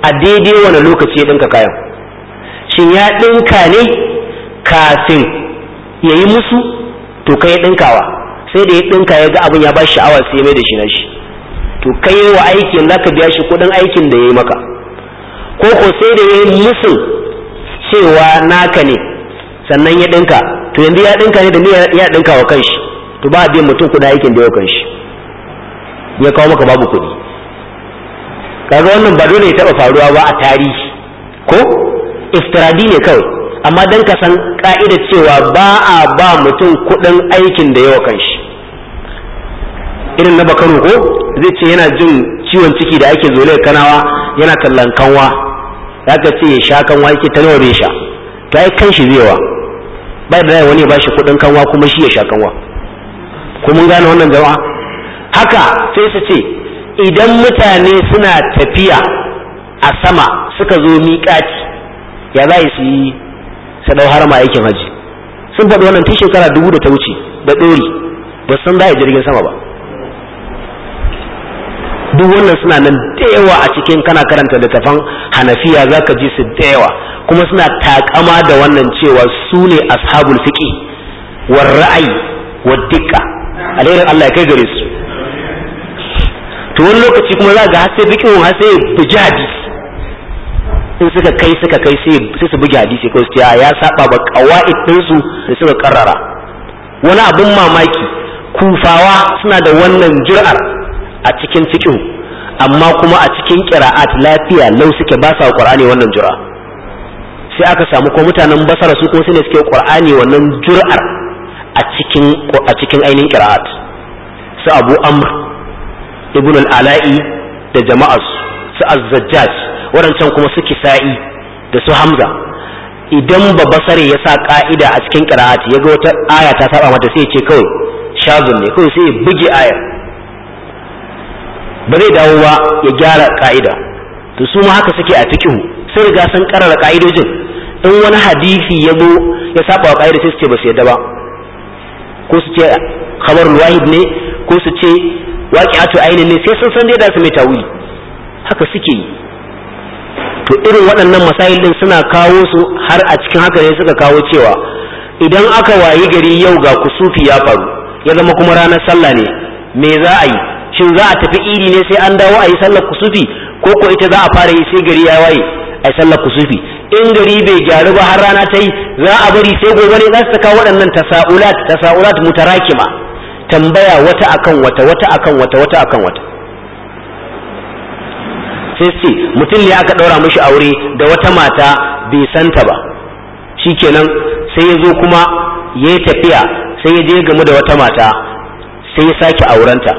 a daidai wani lokaci ya ɗinka kayan shin ya ɗinka ne kafin ya yi musu to kai ɗinkawa sai da ya ɗinka ya ga abin ya ba shi awa sai mai da shi na shi to kai wa aiki za ka biya shi kuɗin aikin da ya yi maka ko ko sai da ya yi musu cewa naka ne sannan ya ɗinka to yanzu ya ɗinka ne da ni ya dinka wa kanshi to ba a biyan mutum kuɗin aikin da ya wa kanshi ya kawo maka babu kuɗi kaga wannan ba dole ya taɓa faruwa ba a tarihi ko istiradi ne kawai amma dan ka san ka'idar cewa ba a ba mutum kuɗin aikin da yawa kan shi irin na bakaru ko zai ce yana jin ciwon ciki da ake zolai kanawa yana tallan kanwa ya ka ce ya sha kanwa yake ta nawa bai sha to ai kan shi zaiwa ba bai da wani ba shi kuɗin kanwa kuma shi ya sha kanwa ko mun gane wannan jama'a haka sai su ce idan mutane suna tafiya a sama suka zo miƙaci ya za su yi sai dau harama aikin haji sun faɗi wannan tun shekara dubu da ta wuce da ɗori ba san za a jirgin sama ba duk wannan suna nan da yawa a cikin kana karanta littafan hanafiya za ka ji su da yawa kuma suna takama da wannan cewa su ne ashabul fiƙi war ra'ayi wa dikka alherin Allah ya kai gare su to wani lokaci kuma za ga har sai fiƙin har sai bijadi in suka kai suka kai sai su bugi hadisi ko su ya saba ba qawaid ɗinsu da suka karrara wani abun mamaki kufawa suna da wannan jur'ar a cikin fiqh amma kuma a cikin kira'at lafiya lau suke ba sa qur'ani wannan jur'a sai aka samu ko mutanen basara su kuma sune suke qur'ani wannan jur'ar a cikin a cikin ainihin qira'at su abu amr ibn al-ala'i da Jama'ar su az-zajjaj waɗancan kuma su kisa'i da su hamza idan ba basare ya sa ƙa'ida a cikin ya ga wata aya ta saba mata sai ya ce kawai shazun ne kawai sai ya buge ayar ba zai dawo ba ya gyara ƙa'ida, to su ma haka suke a fikihu sai riga sun karara ƙa'idojin, in wani hadisi ya zo ya saba wa ƙa'ida sai su ce ba su yadda ba ko su ce khabar wahid ne ko su ce waqi'atu ainin ne sai sun san dai da su mai tawili haka suke yi to irin waɗannan masail ɗin suna kawo su har a cikin haka ne suka kawo cewa idan aka wayi gari yau ga kusufi ya faru ya zama kuma ranar sallah ne me za a yi shin za a tafi iri ne sai an dawo a yi sallar kusufi ko ko ita za a fara yi sai gari ya waye a yi sallar kusufi in gari bai gyaru ba har rana ta yi za a bari sai gobe ne za su kawo waɗannan tasa'ulat tasa'ulat mutarakima tambaya wata akan wata wata akan wata wata akan wata sai mutum ne aka ɗaura mishi aure da wata mata bai santa ba shi shikenan sai ya zo kuma ya yi tafiya sai ya je gamu da wata mata sai ya sake aurenta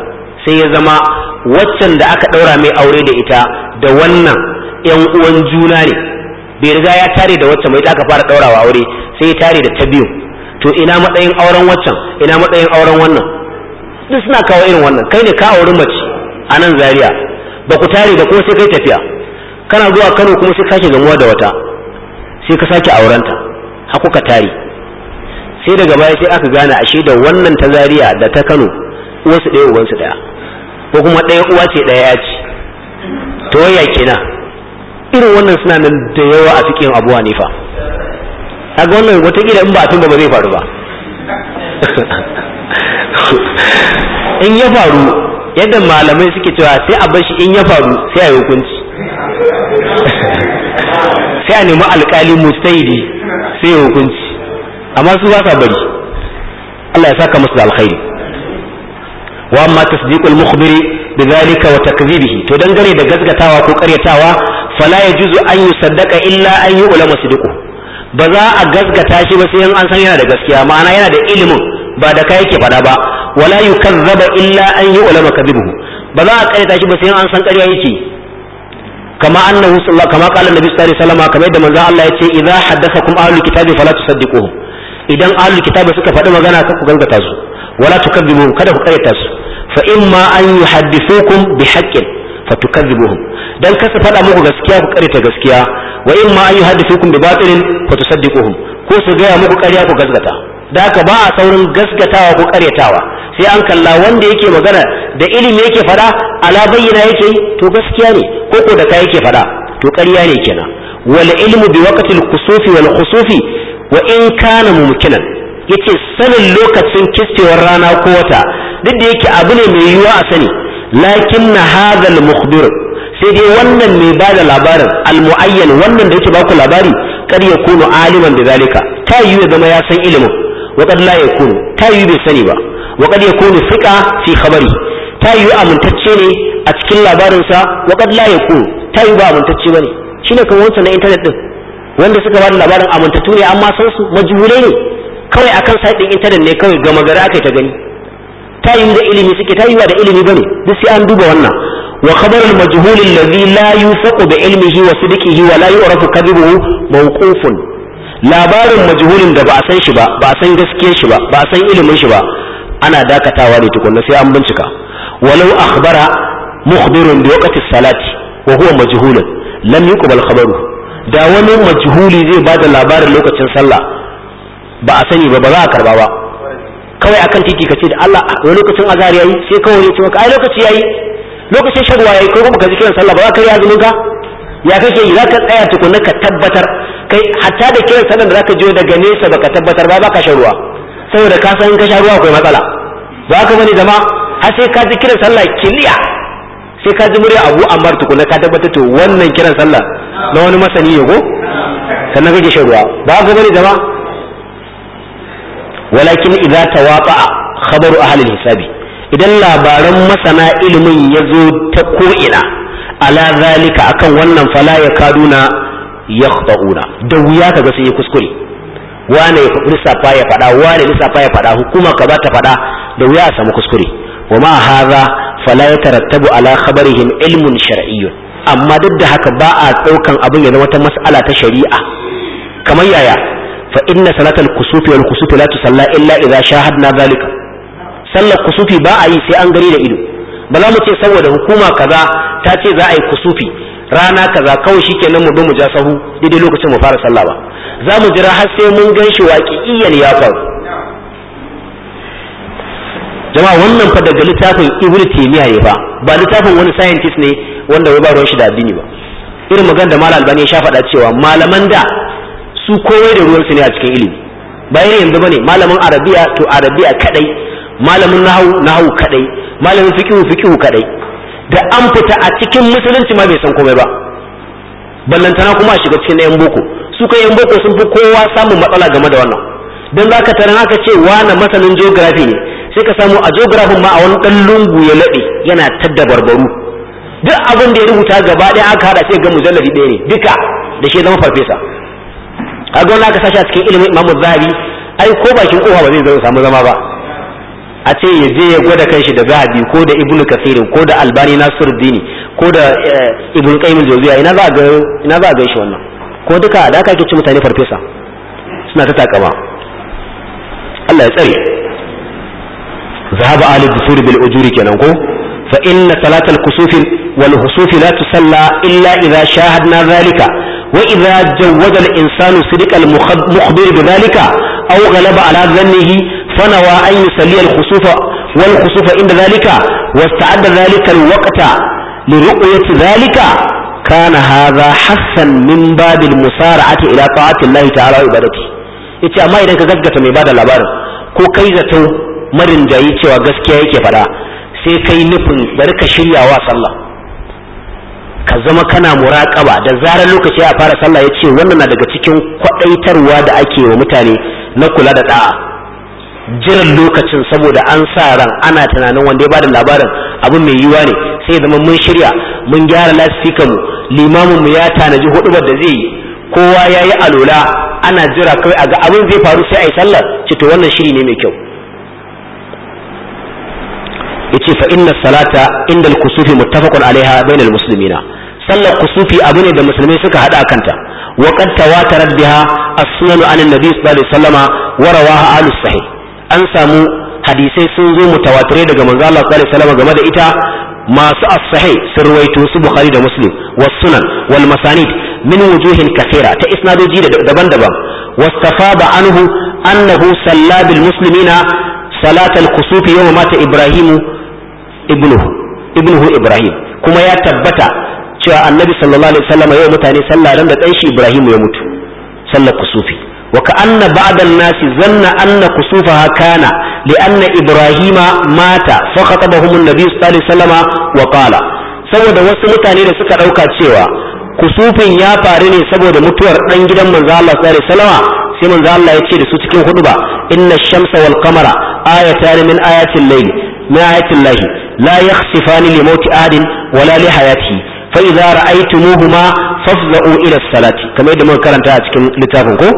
sai ya zama waccan da aka ɗaura mai aure da ita da wannan ‘yan uwan juna ne bai riga ya tare da waccan mai ita aka fara ɗaurawa aure sai ya tare da ta biyu to ina matsayin auren waccan ina matsayin auren wannan duk suna kawo irin wannan kai ne ka auri mace a nan zaria ba ku tare da ko sai kai tafiya kana zuwa Kano kuma sai kake gamuwa da wata sai ka sake aurenta har kuka tare sai daga baya sai aka gane ashe da wannan ta da ta Kano uwansu ɗaya uwansu ɗaya ko kuma ɗaya uwa ce ɗaya ya ce to ya kina irin wannan suna nan da yawa a cikin Abu Hanifa kaga wannan gida in ba a tunda ba zai faru ba *laughs* in ya faru yadda malamai suke cewa sai a bashi in ya faru sai a yi hukunci *laughs* sai a nemi alkali mustaidi sai ya hukunci amma su ba sa bari Allah ya saka musu da alkhairi wa amma tasdiqul mukhbiri bidhalika wa takdhibihi to dangane da gaskatawa ko karyatawa fala ya yajuzu an yusaddaqa illa an yu'lam sidqu ba za a gaskata shi ba sai an san yana da gaskiya ma'ana yana da ilimin ba da kai yake fada ba wala yukazzaba illa an yu'lama kadhibuhu ba za a kare shi ba sai an san ƙarya yake kama annahu sallallahu kama qala annabi sallallahu alaihi wasallam kamar yadda manzo Allah yace idza haddathakum ahlul kitabi fala tusaddiquhum idan ahlul suka faɗi magana kan ku gangata su wala tukazzibuhum kada ku karyata su fa imma an yuhaddithukum bihaqqin fatukazzibuhum dan kasa fada muku gaskiya ku karyata gaskiya wa imma an yuhaddithukum bi fatusaddiquhum ko su gaya muku karya ku gaskata. da haka ba a saurin gaskatawa ko karyatawa sai an kalla wanda yake magana da ilimi yake fada ala bayyana yake to gaskiya ne ko ko da ka yake fada to ƙarya ne kenan wal ilmu bi waqtil kusufi wal khusufi wa in kana mumkinan yace sanin lokacin kistewar rana ko wata duk da yake abu ne mai yiwuwa a sani lakin na hadal mukhbir sai dai wannan mai ba da labarin al muayyan wannan da yake baku labari kar ya kunu aliman da zalika ta yiwu zama ya san ilimin wa qad la yakunu tayi bai sani ba wa yakunu fiqa fi khabari tayi amintacce ne a cikin labarin sa wa qad la yakunu ba amintacce bane shine kan wancan na internet din wanda suka ba da labarin amintattu ne amma san su majhulai ne kawai akan site din internet ne kawai gama gari aka ta gani tayi da ilimi suke tayi da ilimi bane duk sai an duba wannan la المجهول bi ilmihi wa sidqihi wa la yu'rafu كذبه mawqufun labarin majhulin da ba a san shi ba ba a san gaskiyar shi ba ba a san ilimin shi ba ana dakatawa ne tukunna sai an bincika walau akhbara mukhbirun bi waqti salati wa huwa majhulun lam yuqbal khabaru da wani majhuli zai ba da labarin lokacin sallah ba a sani ba ba za a karba ba kawai akan titi kace da Allah wani lokacin azhar yayi sai kawai ya ce maka ai lokaci yayi lokacin shagwa yayi ko kuma ka ji kiran sallah ba za ka yi azumin ka ya kake yi zaka tsaya tukuna ka tabbatar kai hatta da kiran sanan da zaka je daga nesa baka tabbatar ba baka ka sharuwa, saboda ka san ka sharuwa akwai matsala ba ka bane zama har sai ka ji kiran sallah kiliya sai ka ji murya Abu Ammar tukuna ka tabbatar to wannan kiran sallah na wani masani ne ko sannan kake sharuwa. ba ka bane zama walakin idza tawaqa khabaru ahli hisabi idan labaran masana ilimin ya zo ta ko'ina ala zalika akan wannan fala ya kaduna ya da wuya kaga sun yi kuskure wane ya lissafa ya faɗa wane lissafa ya faɗa hukuma ka za ta faɗa da wuya a samu kuskure wa ma haza fala ya tarattabu ala khabarihim ilmun shar'iyyun amma duk da haka ba a ɗaukan abin ya zama ta mas'ala ta shari'a kamar yaya fa inna salatal kusufi wal kusufi la tusalla illa idza shahadna zalika sallar kusufi ba a yi sai an gari da ido ba za mu ce saboda hukuma kaza ta ce za a yi kusufi rana kaza kawai shikenan mu bi mu ja sahu daidai lokacin mu fara sallah ba za mu jira har sai mun gan shi waƙi'iyan ya faru jama'a wannan fa daga littafin ibn taymiya ne fa ba littafin wani scientist ne wanda wai ba ruwan shi da addini ba irin magana da malam albani ya sha faɗa cewa malaman da su kowai da ruwansu ne a cikin ilimi ba yanzu yanzu bane malamin arabiya to arabiya kadai malamin nahawu nahawu kadai malamin fiqhu fiqhu kadai da an fita a cikin musulunci ma bai san komai ba ballantana kuma a shiga cikin yan boko su kai yan boko sun fi kowa samun matsala game da wannan dan zaka tare aka ce wani masanin geography ne sai ka samu a geography ma a wani dan lungu ya lade yana tadda barbaru duk abin da ya rubuta gaba ɗaya aka hada sai ga mujalladi ɗaya ne duka da shi zama farfesa kaga wannan aka sashi a cikin ilimin imamu zahabi ai ko bakin kofa ba zai zama samu zama ba a ce ya je ya gwada kanshi da zahabi ko da ibn kafirin ko da albani nasiruddini ko da eh, ibn qayyim jawziya ina za ga ina za ga shi wannan ko duka da aka kici mutane farfesa suna ta takama Allah ya tsare zahaba Ali dusur bil ujuri kenan ko fa inna salatal kusuf wal husuf la tusalla illa idha shahadna zalika wa'iza idza jawwaza al-insanu sidqa al-mukhbir bidhalika aw ghalaba ala dhannihi fanawa an yusalli al-khusufa wal khusufa inda dhalika wasta'adda dhalika al-waqta li ru'yati dhalika kana hadha hasan min babil musara'ati ila ta'ati Allah ta'ala wa ibadati yace amma idan ka gaskata mai bada labarin ko kai zato marin jayi cewa gaskiya yake faɗa sai kai nufin bari ka shirya wa sallah ka zama kana muraƙaba da zarar lokaci ya fara sallah ya ce wannan na daga cikin kwaɗaitarwa da ake wa mutane na kula da ɗa'a jiran lokacin saboda an sa ran ana tunanin wanda ya bada labarin abin mai yiwuwa ne sai zama mun shirya mun gyara lasifika mu limamin mu ya tanaji hudubar da zai yi kowa ya yi alola ana jira kawai a ga abin zai faru sai a yi sallar cito wannan shiri ne mai kyau yace fa inna salata inda al-kusufi muttafaqun alaiha bainal muslimina sallar kusufi abu ne da musulmai suka hada kanta wa qad tawatarat biha as-sunan an nabi sallallahu alaihi wasallama wa rawaha ahlus sahih an samu hadisai sun zo mutawatire daga manzo Allah sallallahu alaihi wasallama game da ita masu as-sahih sun ruwaito su bukhari da muslim was sunan wal masanid min wujuhin kathira ta isnadoji daban-daban wastafada anhu annahu salla muslimina salatal kusufi yawma mata ibrahimu ibnuhu ibnuhu ibrahim kuma ya tabbata cewa annabi sallallahu alaihi wasallam yau mutane sallah ran da ɗanshi ibrahim ya mutu sallar kusufi wa ka anna ba'dan nasi zanna anna kusufa kana li anna ibrahima mata fa khatabahum an-nabi sallallahu alaihi wasallam wa qala saboda wasu mutane da suka dauka cewa kusufin ya faru ne saboda mutuwar dan gidan manzo Allah sallallahu alaihi wasallam sai manzo Allah ya ce da su cikin hudu ba inna shamsa wal qamara ayatan min ayatil layl من آيات الله لا يخسفان لموت أحد ولا لحياته فإذا رأيتموهما فافزعوا إلى الصلاة كما يدمون كرنتا أتكن لتابنكو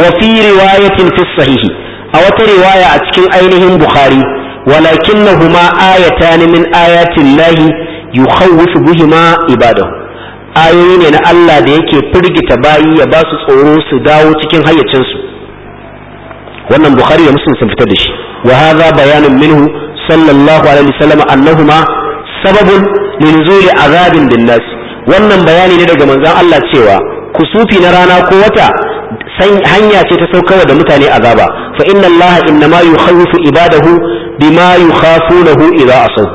وفي رواية في الصحيح أو رواية أتكن أينهم بخاري ولكنهما آيتان من آيات الله يخوف بهما عباده ayoyi ne na Allah da yake firgita bayi ya ba su tsoro su dawo cikin hayyacinsu wannan bukhari da muslim sun fitar da shi wa hadha bayanun minhu sallallahu alaihi wasallam annahuma sababun linzuli azabin linnas wannan bayani ne daga manzon Allah cewa kusufi na rana ko wata hanya ce ta saukarwa da mutane azaba fa inna Allah innama yukhawwifu ibadahu bima yukhafunahu idza asaw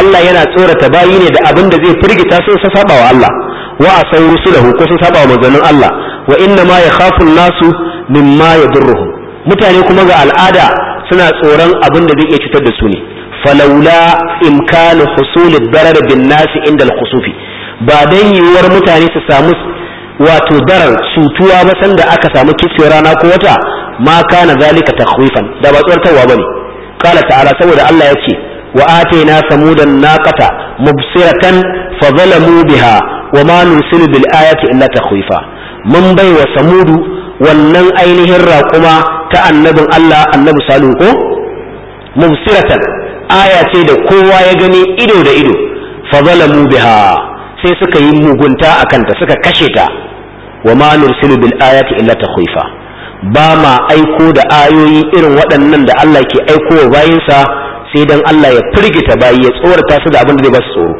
Allah yana tsorata bayi ne da abin da zai firgita sun sa saba wa Allah wa asaw rusulahu ko sun saba wa manzannin Allah wa inna ma yakhafu nasu mimma yadurruhum mutane kuma ga al'ada suna tsoron abin da zai iya cutar da su ne falaula imkanu husulid darar bin nasi inda Kusufi ba dan yiwuwar mutane su samu wato darar cutuwa ba sanda aka samu kitse rana ko wata ma kana zalika takhwifan da ba tsortarwa bane qala ta'ala saboda Allah ya ce wa atayna samudan naqata mubsiratan fa zalamu biha wa ma nusilu bil ayati illa takhwifa mun bai wa samudu wannan ainihin raƙuma ta annabin Allah annabi salihu ko mubsiratan aya ce da kowa ya gani ido da ido fa zalamu biha sai suka yi mugunta a ta suka kashe ta wa ma nursilu bil ayati illa takhwifa ba ma aiko da ayoyi irin waɗannan da Allah ke aiko wa bayinsa sai dan Allah ya firgita bayi ya tsorata su da abin da zai ba su tsoro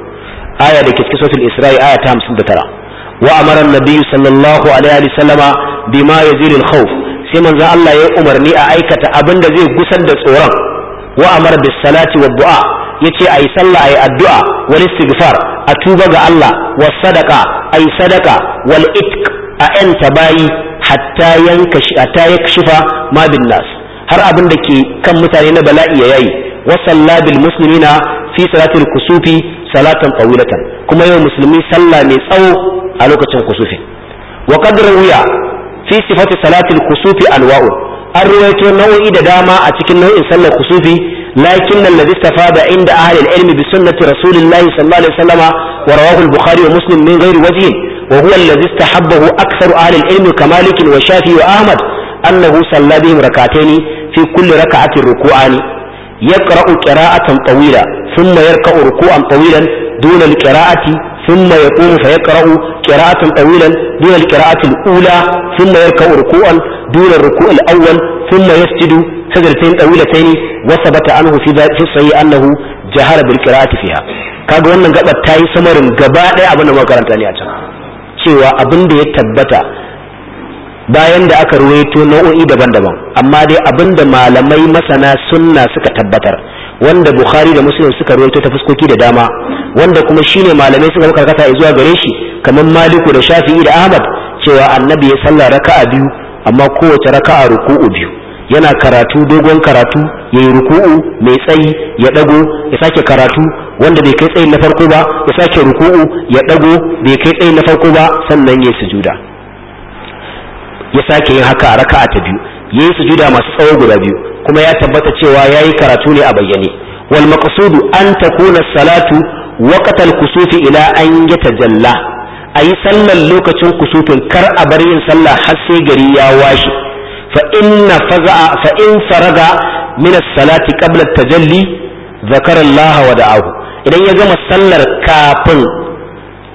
aya da ke cikin suratul isra'i aya ta 59 wa amara an sallallahu alaihi wa sallama bima yazilu al-khawf sai manzo Allah ya umarni a aikata abin da zai gusar da tsoron wa amara bis salati wa du'a yace ayi sallah ayi addu'a wal istighfar a tuba ga Allah wa sadaqa ayi sadaqa wal itq a yanta bayi hatta yanka hatta yakshifa ma bin nas har abin da ke kan mutane na bala'i ya yayi wa salla bil muslimina fi salatil kusufi salatan tawilatan kuma yau musulmi sallah mai tsawo a lokacin kusufi wa qadru wuya fi sifati salatil kusufi anwa'u an ruwaito nau'i da dama a cikin nau'in sallar kusufi lakin nan ladhi istafada inda ahli al-ilmi bi sunnati rasulillahi sallallahu alaihi wasallama wa rawahu al-bukhari wa muslim min ghairi wajhin wa huwa alladhi istahabbahu aktharu ahli al-ilmi ka malik wa shafi wa ahmad annahu salla bihim rak'atayn fi kulli rak'atin ruku'ani yaqra'u qira'atan tawila thumma yarka'u ruku'an tawilan duna al-qira'ati ثم يقوم فيقرأ قراءة طويلا دون القراءة الأولى ثم يركع ركوعا دون الركوع الأول ثم يسجد سجدتين طويلتين وثبت عنه في في الصحيح أنه جهر بالقراءة فيها kaga wannan gabar tayi samarin gaba ɗaya abin da muka karanta ne a can cewa abin da ya tabbata bayan da aka ruwaito nau'o'i daban-daban amma dai abinda malamai masana sunna suka tabbatar wanda bukhari da muslim suka ruwaito ta fuskoki da dama wanda kuma shine malamai suka karkata zuwa gare shi kamar maliku da shafi'i da ahmad cewa annabi ya salla raka'a biyu amma kowace raka'a ruku'u biyu yana karatu dogon karatu ya yi ruku'u mai tsayi ya ɗago, ya sake karatu wanda bai kai tsayin na farko ba ya sake ruku'u ya ɗago bai kai tsayin na farko ba sannan ya sujuda ya sake yin haka a raka ta biyu yayi sujuda masu tsawo guda biyu kuma ya tabbata cewa ya yi karatu ne a bayyane wal maqsudu an takuna salatu waqta al kusufi ila an yatajalla ayi sallar lokacin kusufin kar a bar yin sallah har sai gari ya washe fa inna faza'a fa in faraga min as-salati qabla at-tajalli zakara Allah wa da'ahu idan ya gama sallar kafin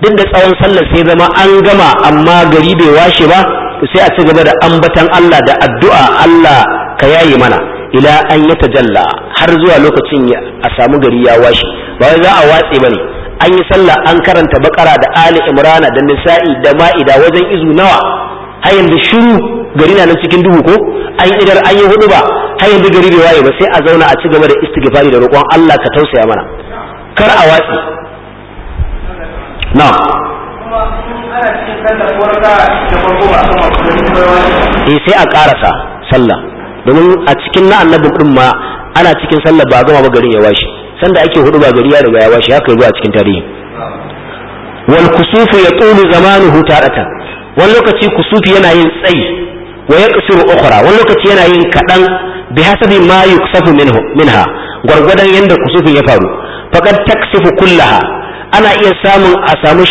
duk da tsawon sallar sai zama an gama amma gari bai washe ba sai a ci gaba da ambatan Allah da addu'a Allah ka yayi mana ila an ya tajalla har zuwa lokacin a samu gari ya washe ba wai za a watse bane an yi sallah an karanta bakara da ali imrana da nisa'i da ma'ida wajen izu nawa har yanzu shiru gari na na cikin duhu ko an yi idar an yi hudu ba har yanzu gari bai waye ba sai a zauna a ci gaba da istighfari da roƙon Allah ka tausaya mana kar a watse na'am eh sai a karasa sallah domin a cikin na annabin din ma ana cikin sallah ba gama ba garin ya washe sanda ake hudu ba gari ya riga ya washe haka zuwa a cikin tarihi wal kusufu yatulu zamanuhu taratan wani lokaci kusufu yana yin tsayi wa kusuru ukhra wani lokaci yana yin kadan bi hasabi ma yuksafu minhu minha gwargwadon yanda kusufin ya faru faqad taksifu kullaha ana iya samun a samu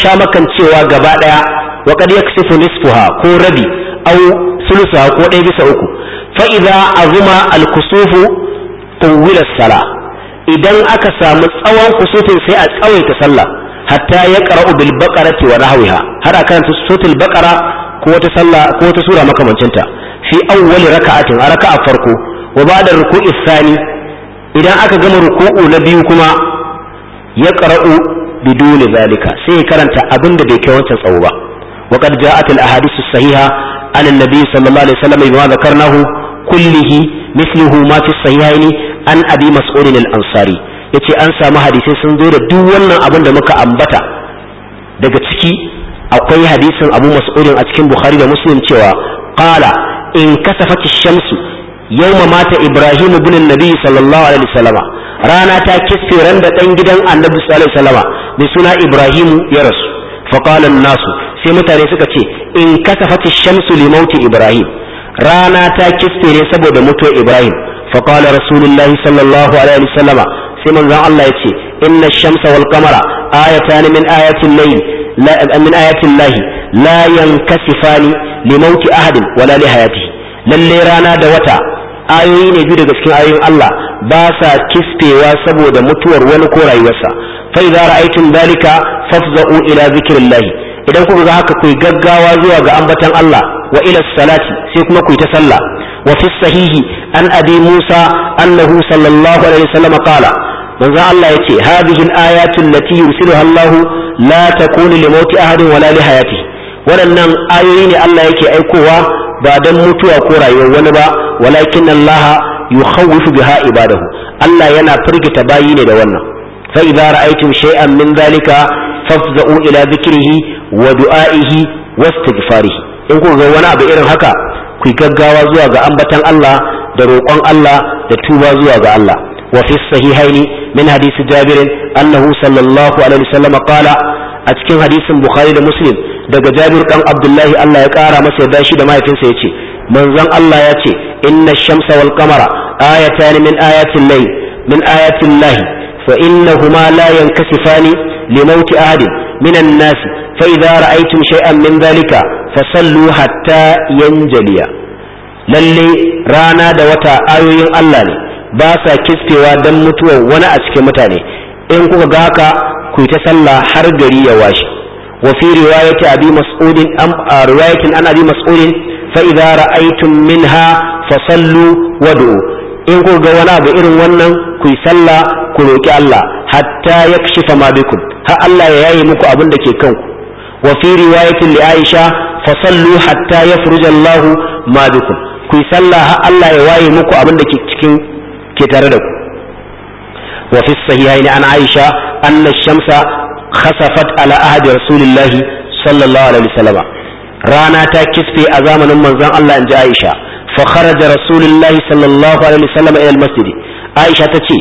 cewa gaba daya wa kad yaksifu nisfuha ko rabi aw sulusuha ko ɗaya bisa uku fa idza azuma al kusufu sala idan aka samu tsawon kusufin sai a tsawaita sallah hatta ya qara'u bil baqarati wa nahwiha har aka karanta suratul baqara ko wata sallah ko wata sura makamancinta fi awwali raka'atin a raka'a farko wa ba'da ruku'i thani idan aka gama ruku'u na biyu kuma ya qara'u biduni zalika sai ya karanta abin da bai kai wancan tsawo ba wa qad ja'at al ahadith as sahiha an annabi sallallahu alaihi wasallam ma zakarnahu kullihi mithluhu ma fi an abi mas'ud al ansari yace an samu hadisai sun zo da duk wannan abin da muka ambata daga ciki akwai hadisin abu mas'udin a cikin bukhari da muslim cewa qala in kasafati shamsu ma mata ibrahim ibn nabi sallallahu alaihi wasallam rana ta kisse ran da dan gidan annabi sallallahu alaihi wasallam mai suna ibrahim ya rasu fa qala nasu sai mutane suka ce in kasafati shamsu li mauti ibrahim rana ta kisse ne saboda mutuwar ibrahim fa qala rasulullahi sallallahu alaihi wasallam sai manzon Allah ya ce inna shamsa wal qamara ayatan min ayatil layl من آيات الله لا ينكسفان لموت wala ولا لحياته lalle rana da wata ayoyi ne biyu daga cikin ayoyin Allah ba sa kispewa saboda mutuwar wani ko rayuwarsa fa idza ra'aytum dhalika fafza'u ila zikrillah idan kuka ga haka kuyi gaggawa zuwa ga ambatan Allah wa ila salati sai kuma kuyi ta sallah wa fi sahihi an abi Musa annahu sallallahu alaihi wasallam qala manzo Allah yace hadhihi al-ayatu allati yursiluha Allah la takunu li mauti ahadin wala li hayatihi waɗannan ayoyi ne Allah yake aikowa ba dan mutuwa ko rayuwar wani ba walakin Allah yukhawwifu biha ibadahu Allah yana firgita bayi ne da wannan fa idza ra'aytum shay'an min zalika fafza'u ila dhikrihi wa du'a'ihi wastighfarihi in kun ga wani abu irin haka ku gaggawa zuwa ga ambatan Allah da roƙon Allah da tuba zuwa ga Allah wa fi sahihaini min hadisi jabirin annahu sallallahu alaihi wasallam qala a cikin hadisin Bukhari da Muslim daga jabir dan abdullahi Allah ya kara masa ya shi da mahaifinsa yace manzon Allah ya ce inna shamsa wal qamara ayatan min ayatil layl min ayatil lahi fa innahuma la yankasifani limauti mauti ahadin min an-nas fa idza ra'aytum shay'an min dhalika fasallu hatta yanjaliya lalle rana da wata ayoyin Allah ne ba sa kiskewa dan mutuwar wani a cikin mutane in kuka ga haka ku ta sallah har gari ya washe وفي رواية أبي مسعود أم رواية عن أبي مسعود فإذا رأيتم منها فصلوا ودعوا in ku ga wani abu irin wannan ku yi sallah ku roki Allah hatta yakshifa ma bikum ha Allah ya yaye muku abin da ke kanku wa fi riwayatin li Aisha fa sallu hatta yafruja Allah ma bikum ku yi sallah ha Allah ya waye muku abin da ke cikin ke tare da ku wa fi sahihaini an Aisha anna shamsa khasafat ala ahadi rasulillahi sallallahu alaihi wasallam rana ta kisfe a zamanin manzon Allah in ji Aisha fa kharaja rasulullahi sallallahu alaihi wasallam ila almasjid Aisha ta ce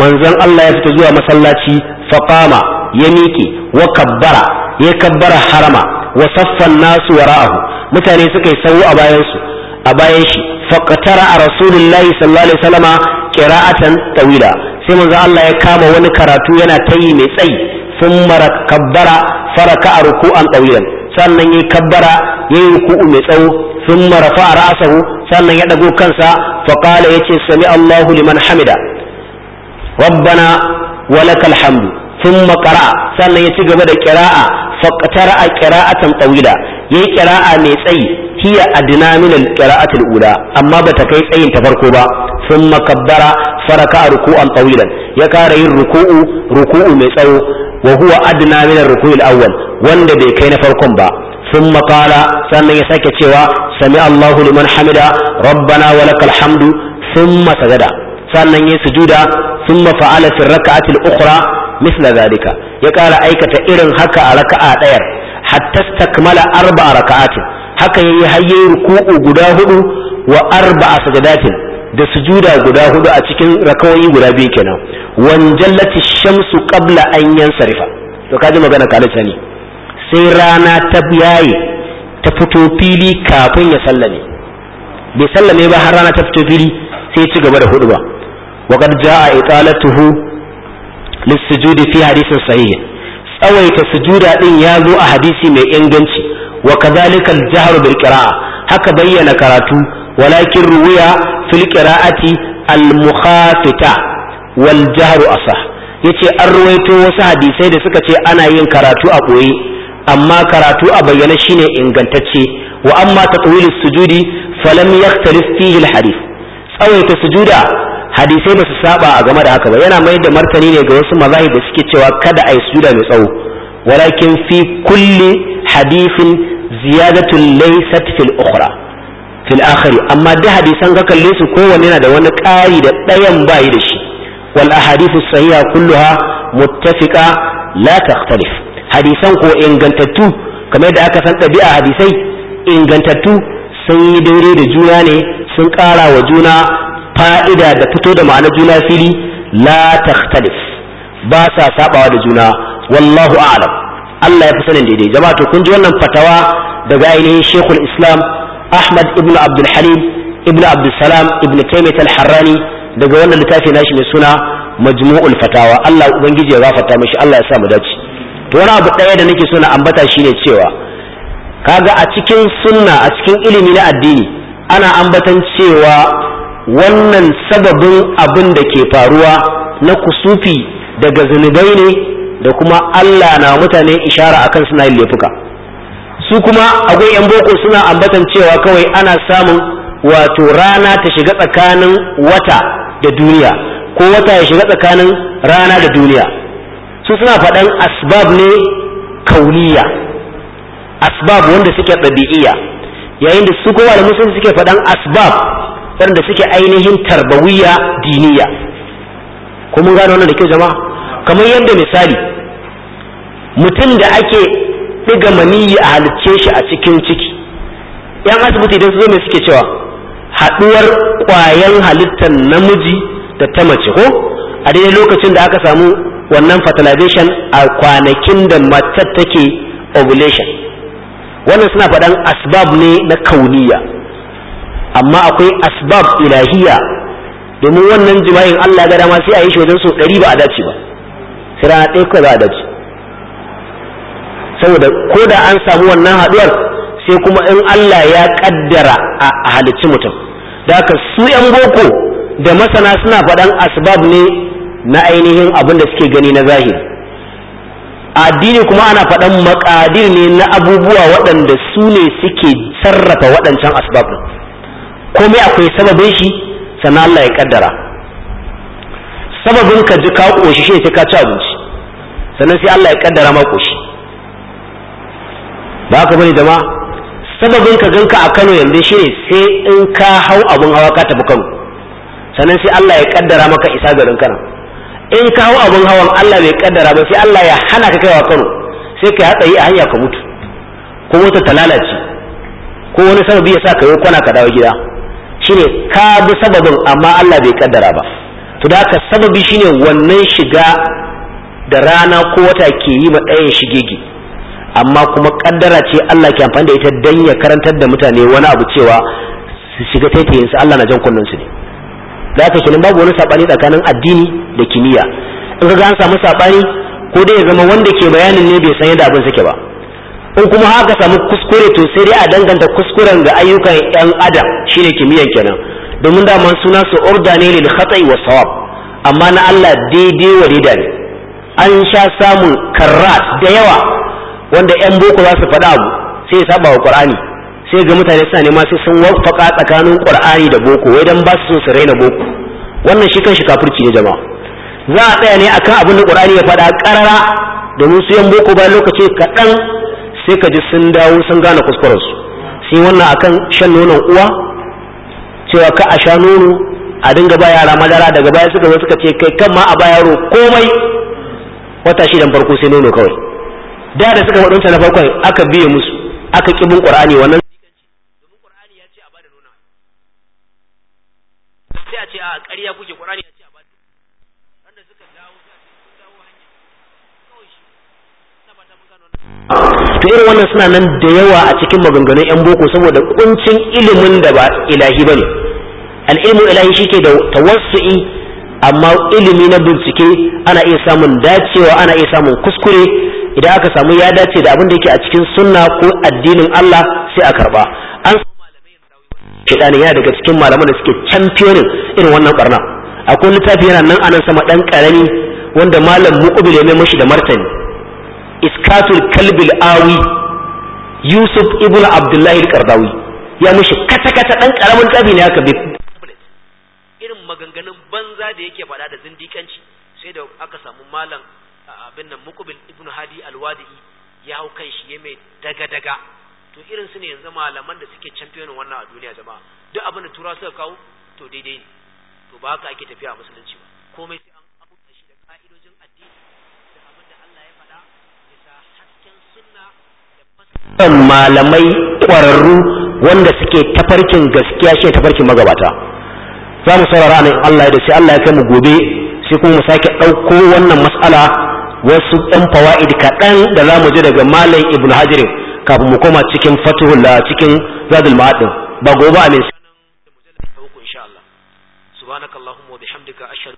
manzon Allah ya fita zuwa masallaci fa qama ya miƙe wa kabbara ya kabbara harama wa saffan nasu wara'ahu mutane suka yi sawu a bayan su a bayan shi faqtara a rasulullahi sallallahu alaihi wasallama qira'atan tawila sai manzo Allah ya kama wani karatu yana tayi mai tsayi sun mara kabbara faraka a ruku'an ɗauyen sannan ya yi ya yi ruku'u mai tsawo sun mara fa a ra'asahu sannan ya ɗago kansa faƙala ya ce sami Allahu liman hamida rabbana walaka Hamdu, sun maƙara'a sannan ya ci gaba da ƙira'a faƙatar a ƙira'atan ɗauyida ya yi ƙira'a mai tsayi hiya a dinaminal ƙira'atul ula amma ba ta kai tsayin ta farko ba sun makabbara faraka a ruku'an ɗauyidan ya ƙara yin ruku'u ruku'u mai tsawo wa huwa adna min ar-ruku'il wanda bai kai na farkon ba thumma qala sannan ya sake cewa sami Allahu liman hamida rabbana wa lakal hamdu thumma sajada sannan ya sujuda thumma fa'ala fi rak'ati al-ukhra misla zalika ya kara aikata irin haka a raka'a dayar hatta stakmala arba'a raka'atin haka yayi hayyin ruku'u guda huɗu wa arba'a sajadatin da sujuda guda hudu a cikin rakawoyi guda biyu kenan jallati shamsu qabla an yansarifa to kaji magana kalisa ne sai rana ta yaye ta fito fili kafin ya sallame bai sallame ba har rana ta fito fili sai ci gaba da hudu ba وقد جاء إطالته للسجود fi حديث sahih tsawaita sujuda din ya zo a hadisi mai inganci wa kazalika al bil qira'a haka bayyana karatu walakin ruwiya fil ati al mukhafita asa, yace an ruwaito wasu hadisai da suka ce ana yin karatu a boye amma karatu a bayyana shine ingantacce wa amma tatwilus sujudi falam yaktalif fihi al hadith tsawaita sujuda hadisai ba su saba a game da haka ba yana mai da martani ne ga wasu mazahib da suke cewa kada a yi sujuda mai tsawo walakin fi kulli hadithin ziyadatun laysat fil ukhra fil akhari amma da hadisan ka kalle su kowanne yana da wani ƙari da ɗayan bayi da shi wal ahadithu sahiha kulluha muttafiqa la takhtalif hadisan ko ingantattu kamar da aka san ɗabi'a hadisai ingantattu sun yi daidai da juna ne sun ƙara wa juna fa'ida da fito da ma'anar juna fili la takhtalif ba sa sabawa da juna wallahu a'lam Allah ya fi sanin daidai jama'a to kun ji wannan fatawa daga ainihin shekul Islam ahmad Ibnu abdul halim ibn abdul salam ibn taymiyyah al daga wannan littafi nashi mai suna majmu'ul fatawa Allah ubangiji ya gafarta mishi Allah ya sa mu dace to wani abu daya da nake so na ambata shine cewa kaga a cikin sunna a cikin ilimi na addini ana ambatan cewa wannan sababin abin da ke faruwa na kusufi daga zunubai ne da kuma Allah na mutane ishara akan suna yin laifuka su kuma akwai yan boko suna ambatan cewa kawai ana samun wato rana ta shiga tsakanin wata da duniya ko wata ya shiga tsakanin rana da duniya su suna faɗan asbab ne kauniya asbab wanda suke ɗabi'iya yayin da su kowa da musulmi suke faɗan asbab waɗanda suke ainihin tarbawiya diniya ko mun gano wannan da ke jama'a kamar yadda misali mutum da ake ga mani ya halicce shi a cikin ciki yan asibiti idan su zo mai suke cewa haɗuwar kwayan halittar namiji da ta mace ko a daidai lokacin da aka samu wannan fertilization a kwanakin da matar take ovulation wannan suna faɗan asbab ne na kauniya amma akwai asbab ilahiya domin wannan jima'in Allah ga dama sai a yi shi wajen so ɗari ba a dace ba sai rana ɗaya kawai za a dace saboda ko da an samu wannan haduwar sai kuma in Allah ya kaddara a halicci mutum da haka su yan boko da masana suna faɗan asbab ne na ainihin abin da suke gani na zahiri addini kuma ana faɗan makadir ne na abubuwa waɗanda su ne suke sarrafa waɗancan asbab ɗin komai akwai sababin shi sannan Allah ya kaddara sababin ka ji ka koshi shi ka ci abinci sannan sai Allah ya kaddara ma koshi ba haka bane jama'a sababin ka ganka a Kano yanzu shine sai in ka hau abun hawa ka tafi Kano sannan sai Allah ya kaddara maka isa garin Kano in ka hau abun hawan Allah bai kaddara ba sai Allah ya hana ka kaiwa Kano sai ka hatsayi a hanya ka mutu ko wata ta lalace ko wani sababi ya sa ka yi kwana ka dawo gida shine ka bi sababin amma Allah bai kaddara ba to da sababi shine wannan shiga da rana ko wata ke yi ma ɗayan shigege amma kuma kaddara ce Allah ke amfani da ita dan ya karantar da mutane wani abu cewa su shiga taitayin su Allah na jan kullun su ne da haka kenan babu wani sabani tsakanin addini da kimiyya in ka an samu sabani ko dai ya zama wanda ke bayanin ne bai san yadda abin suke ba in kuma haka samu kuskure to sai dai a danganta kuskuren ga ayyukan yan adam shine kimiyyan kenan domin daman suna su orda ne lil khata'i wa sawab amma na Allah daidai wa ne an sha samun karrat da yawa wanda yan boko za su faɗa abu sai ya saba wa ƙur'ani sai ga mutane suna nema sai sun wafaka tsakanin ƙur'ani da boko wai dan ba su son su raina boko wannan shi kanshi kafirci ne jama'a za a tsaya ne akan abin da ƙur'ani ya faɗa karara domin su yan boko bayan lokaci kaɗan sai ka ji sun dawo sun gane kuskurensu sai wannan akan shan nonon uwa cewa ka a sha nono a dinga ba yara madara daga baya suka zo suka ce kai kan ma a ba yaro komai wata shidan farko sai nono kawai da da suka faɗin ta na farkon aka biye musu aka kibin qur'ani wannan domin qur'ani ya ce a bada nuna sai a ce a ƙarya kuke qur'ani ya ce a bada wanda suka dawo su dawo hanya kawai shi na ba mun gano wannan to irin wannan suna nan da yawa a cikin maganganun yan boko saboda kuncin ilimin da ba ilahi bane al-ilmu ilahi shike da tawassu'i amma ilimi na bincike ana iya samun dacewa ana iya samun kuskure idan aka samu ya dace da abin da yake a cikin sunna ko addinin Allah sai a karba an shaitanin yana daga cikin malaman da suke championin irin wannan barna akwai littafi yana nan anan sama dan karami wanda malam muqbil ya mai mushi da martani iskatul kalbil awi yusuf ibn abdullahi al-qardawi ya mushi kata kata dan karamin kabi ne haka irin maganganun banza da yake faɗa da zindikanci sai da aka samu malam abin nan mukubin ibnu hadi alwadi'i ya hau kan shi ya mai daga daga to irin su ne yanzu malaman da suke championin wannan a duniya jama'a duk abin da turawa suka kawo to daidai ne to ba haka ake tafiya a musulunci ba komai sai an abuta shi da ka'idojin addini da abin da Allah ya faɗa bisa hasken sunna da fasahan malamai kwararru wanda suke tafarkin gaskiya shi tafarkin magabata za mu saurara nan Allah ya da sai Allah ya kai mu gobe sai kuma mu sake ɗauko wannan mas'ala wasu ɗan fawa'id kaɗan da za mu ji daga malam ibn hajirin kafin mu koma cikin fatuhul ah, cikin zadul ma'adin ba gobe a ne subhanakallahumma wa bihamdika ashhadu